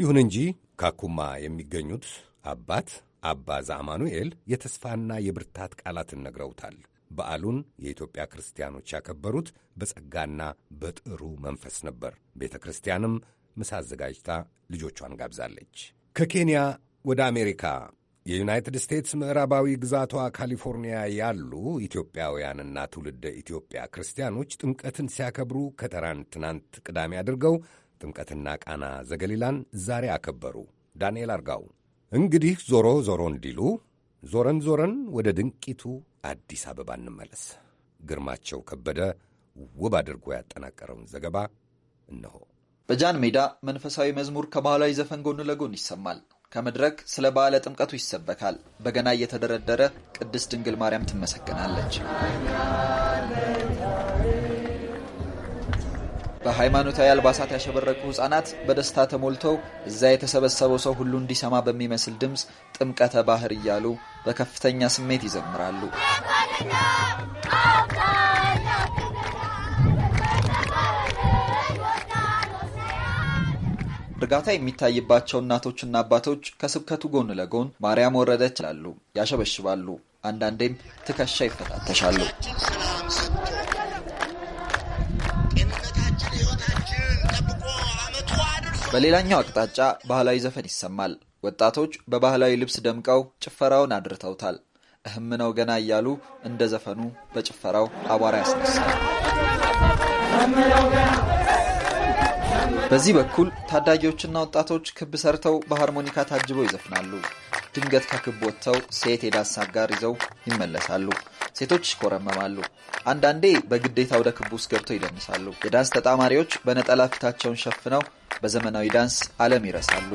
ይሁን እንጂ ካኩማ የሚገኙት አባት አባ ዛማኑኤል የተስፋና የብርታት ቃላትን ነግረውታል። በዓሉን የኢትዮጵያ ክርስቲያኖች ያከበሩት በጸጋና በጥሩ መንፈስ ነበር። ቤተ ክርስቲያንም ምሳ አዘጋጅታ ልጆቿን ጋብዛለች። ከኬንያ ወደ አሜሪካ የዩናይትድ ስቴትስ ምዕራባዊ ግዛቷ ካሊፎርኒያ ያሉ ኢትዮጵያውያንና ትውልደ ኢትዮጵያ ክርስቲያኖች ጥምቀትን ሲያከብሩ ከተራን ትናንት ቅዳሜ አድርገው ጥምቀትና ቃና ዘገሊላን ዛሬ አከበሩ። ዳንኤል አርጋው እንግዲህ ዞሮ ዞሮ እንዲሉ ዞረን ዞረን ወደ ድንቂቱ አዲስ አበባ እንመለስ። ግርማቸው ከበደ ውብ አድርጎ ያጠናቀረውን ዘገባ እነሆ። በጃን ሜዳ መንፈሳዊ መዝሙር ከባህላዊ ዘፈን ጎን ለጎን ይሰማል። ከመድረክ ስለ በዓለ ጥምቀቱ ይሰበካል። በገና እየተደረደረ ቅድስት ድንግል ማርያም ትመሰገናለች። በሃይማኖታዊ አልባሳት ያሸበረቁ ህጻናት በደስታ ተሞልተው እዛ የተሰበሰበው ሰው ሁሉ እንዲሰማ በሚመስል ድምፅ ጥምቀተ ባህር እያሉ በከፍተኛ ስሜት ይዘምራሉ። እርጋታ የሚታይባቸው እናቶችና አባቶች ከስብከቱ ጎን ለጎን ማርያም ወረደች ይላሉ፣ ያሸበሽባሉ፣ አንዳንዴም ትከሻ ይፈታተሻሉ። በሌላኛው አቅጣጫ ባህላዊ ዘፈን ይሰማል። ወጣቶች በባህላዊ ልብስ ደምቀው ጭፈራውን አድርተውታል። እህም ነው ገና እያሉ እንደ ዘፈኑ በጭፈራው አቧራ ያስነሳል። በዚህ በኩል ታዳጊዎችና ወጣቶች ክብ ሰርተው በሃርሞኒካ ታጅበው ይዘፍናሉ። ድንገት ከክብ ወጥተው ሴት የዳንስ አጋር ይዘው ይመለሳሉ። ሴቶች ይኮረመማሉ። አንዳንዴ በግዴታ ወደ ክቡ ውስጥ ገብተው ይደንሳሉ። የዳንስ ተጣማሪዎች በነጠላ ፊታቸውን ሸፍነው በዘመናዊ ዳንስ ዓለም ይረሳሉ።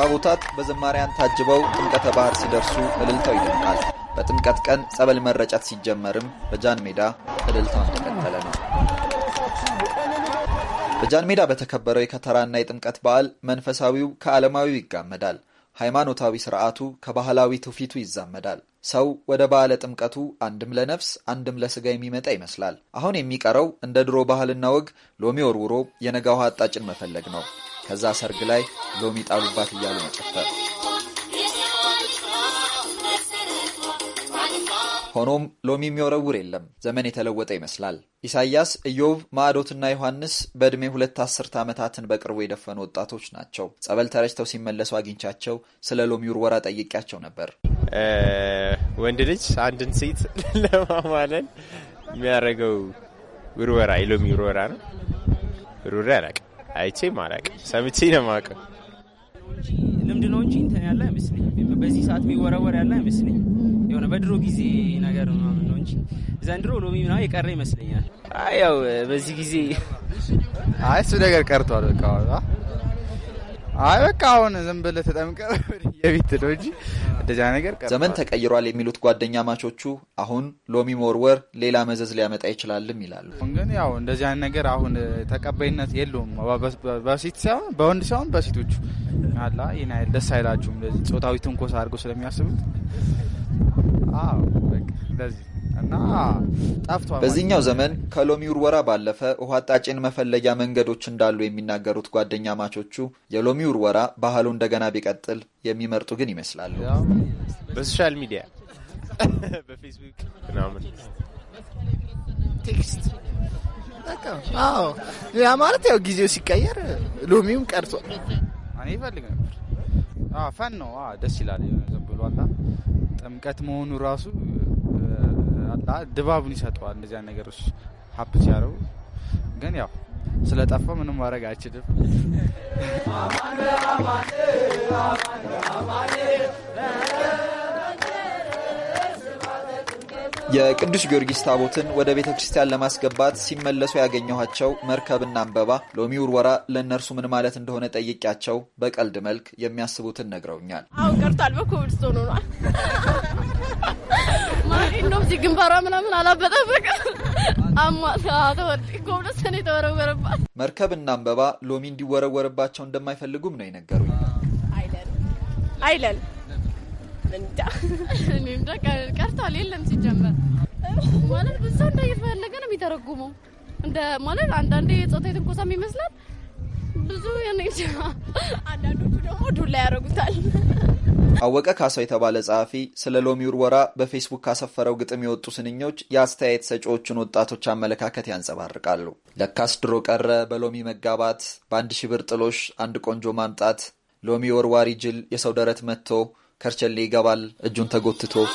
ታቦታት በዘማሪያን ታጅበው ጥምቀተ ባህር ሲደርሱ እልልታው ይደምቃል። በጥምቀት ቀን ጸበል መረጨት ሲጀመርም በጃን ሜዳ እልልታው ተከተለ ነው። በጃን ሜዳ በተከበረው የከተራና የጥምቀት በዓል መንፈሳዊው ከዓለማዊው ይጋመዳል። ሃይማኖታዊ ስርዓቱ ከባህላዊ ትውፊቱ ይዛመዳል። ሰው ወደ በዓለ ጥምቀቱ አንድም ለነፍስ አንድም ለስጋ የሚመጣ ይመስላል። አሁን የሚቀረው እንደ ድሮ ባህልና ወግ ሎሚ ወርውሮ የነጋ ውሃ አጣጭን መፈለግ ነው። ከዛ ሰርግ ላይ ሎሚ ጣሉባት እያሉ መጨፈር ሆኖም ሎሚ የሚወረውር የለም። ዘመን የተለወጠ ይመስላል። ኢሳይያስ፣ ኢዮብ፣ ማዕዶትና ዮሐንስ በዕድሜ ሁለት አስርተ ዓመታትን በቅርቡ የደፈኑ ወጣቶች ናቸው። ጸበል ተረጭተው ሲመለሱ አግኝቻቸው ስለ ሎሚ ውርወራ ጠይቄያቸው ነበር። ወንድ ልጅ አንድን ሴት ለማማለል የሚያደርገው ውርወራ የሎሚ ውርወራ ነው። ውርወራ አላውቅም፣ አይቼም አላውቅም፣ ሰምቼ ነው የማውቀው እንጂ ልምድ ነው እንጂ እንትን ያለ አይመስለኝም። በዚህ ሰዓት የሚወረወር ያለ አይመስለኝም። የሆነ በድሮ ጊዜ ነገር ምናምን ነው እንጂ ዘንድሮ ሎሚ ምናምን የቀረ ይመስለኛል። ያው በዚህ ጊዜ እሱ ነገር ቀርቷል በቃ አይ በቃ አሁን ዝም ብለህ ተጠምቀህ የቤት ነው እንጂ እንደዚያ ነገር ዘመን ተቀይሯል የሚሉት ጓደኛ ማቾቹ አሁን ሎሚ መወርወር ሌላ መዘዝ ሊያመጣ ይችላልም ይላሉ። ግን ያው እንደዚህ አይነት ነገር አሁን ተቀባይነት የለውም። በሴት ሳይሆን በወንድ ሳይሆን በሴቶቹ አላ ይህን አይደል ደስ አይላችሁም እንደዚህ ጾታዊ ትንኮሳ አድርገው ስለሚያስቡት አዎ እንደዚህ በዚህኛው ዘመን ከሎሚ ውርወራ ባለፈ ውሃ ጣጭን መፈለጊያ መንገዶች እንዳሉ የሚናገሩት ጓደኛ ማቾቹ የሎሚ ውርወራ ባህሉ እንደገና ቢቀጥል የሚመርጡ ግን ይመስላሉ። በሶሻል ሚዲያ በፌስቡክ ምናምን ቴክስት አዎ፣ ያ ማለት ያው ጊዜው ሲቀየር ሎሚውም ቀርቷል። እኔ ይፈልግ ነበር። ፈን ነው፣ ደስ ይላል። ዘብሏላ ጥምቀት መሆኑ ራሱ ድባቡን ይሰጠዋል። እንደዚያ ነገሮች ሀፕ ሲያደርጉ ግን ያው ስለጠፋ ምንም ማድረግ አይችልም። አማን አማን አማን የቅዱስ ጊዮርጊስ ታቦትን ወደ ቤተ ክርስቲያን ለማስገባት ሲመለሱ ያገኘኋቸው መርከብና አንበባ ሎሚ ውርወራ ለእነርሱ ምን ማለት እንደሆነ ጠይቂያቸው በቀልድ መልክ የሚያስቡትን ነግረውኛል። አሁን ቀርቷል። በኮቪድ ሆኗል። ነ እንደውም እዚህ ግንባሯ ምናምን አላበጠበቅ ኮብልስቶን የተወረወረባት መርከብና አንበባ ሎሚ እንዲወረወርባቸው እንደማይፈልጉም ነው የነገሩኝ። አይለል አይለል ቀርቷል። የለም ሲጀመር ማለት ብዙ ሰው እንደየፈለገ ነው የሚተረጉመው። እንደ ማለት አንዳንዴ የጾታዊ ትንኮሳም ይመስላል ብዙ አንዳንዶቹ ደግሞ ዱላ ያደርጉታል። አወቀ ካሳው የተባለ ጸሐፊ ስለ ሎሚ ውርወራ በፌስቡክ ካሰፈረው ግጥም የወጡ ስንኞች የአስተያየት ሰጪዎቹን ወጣቶች አመለካከት ያንጸባርቃሉ። ለካስ ድሮ ቀረ በሎሚ መጋባት፣ በአንድ ሺህ ብር ጥሎሽ አንድ ቆንጆ ማምጣት፣ ሎሚ ወርዋሪ ጅል የሰው ደረት መጥቶ ከርቸሌ ይገባል እጁን ተጎትቶ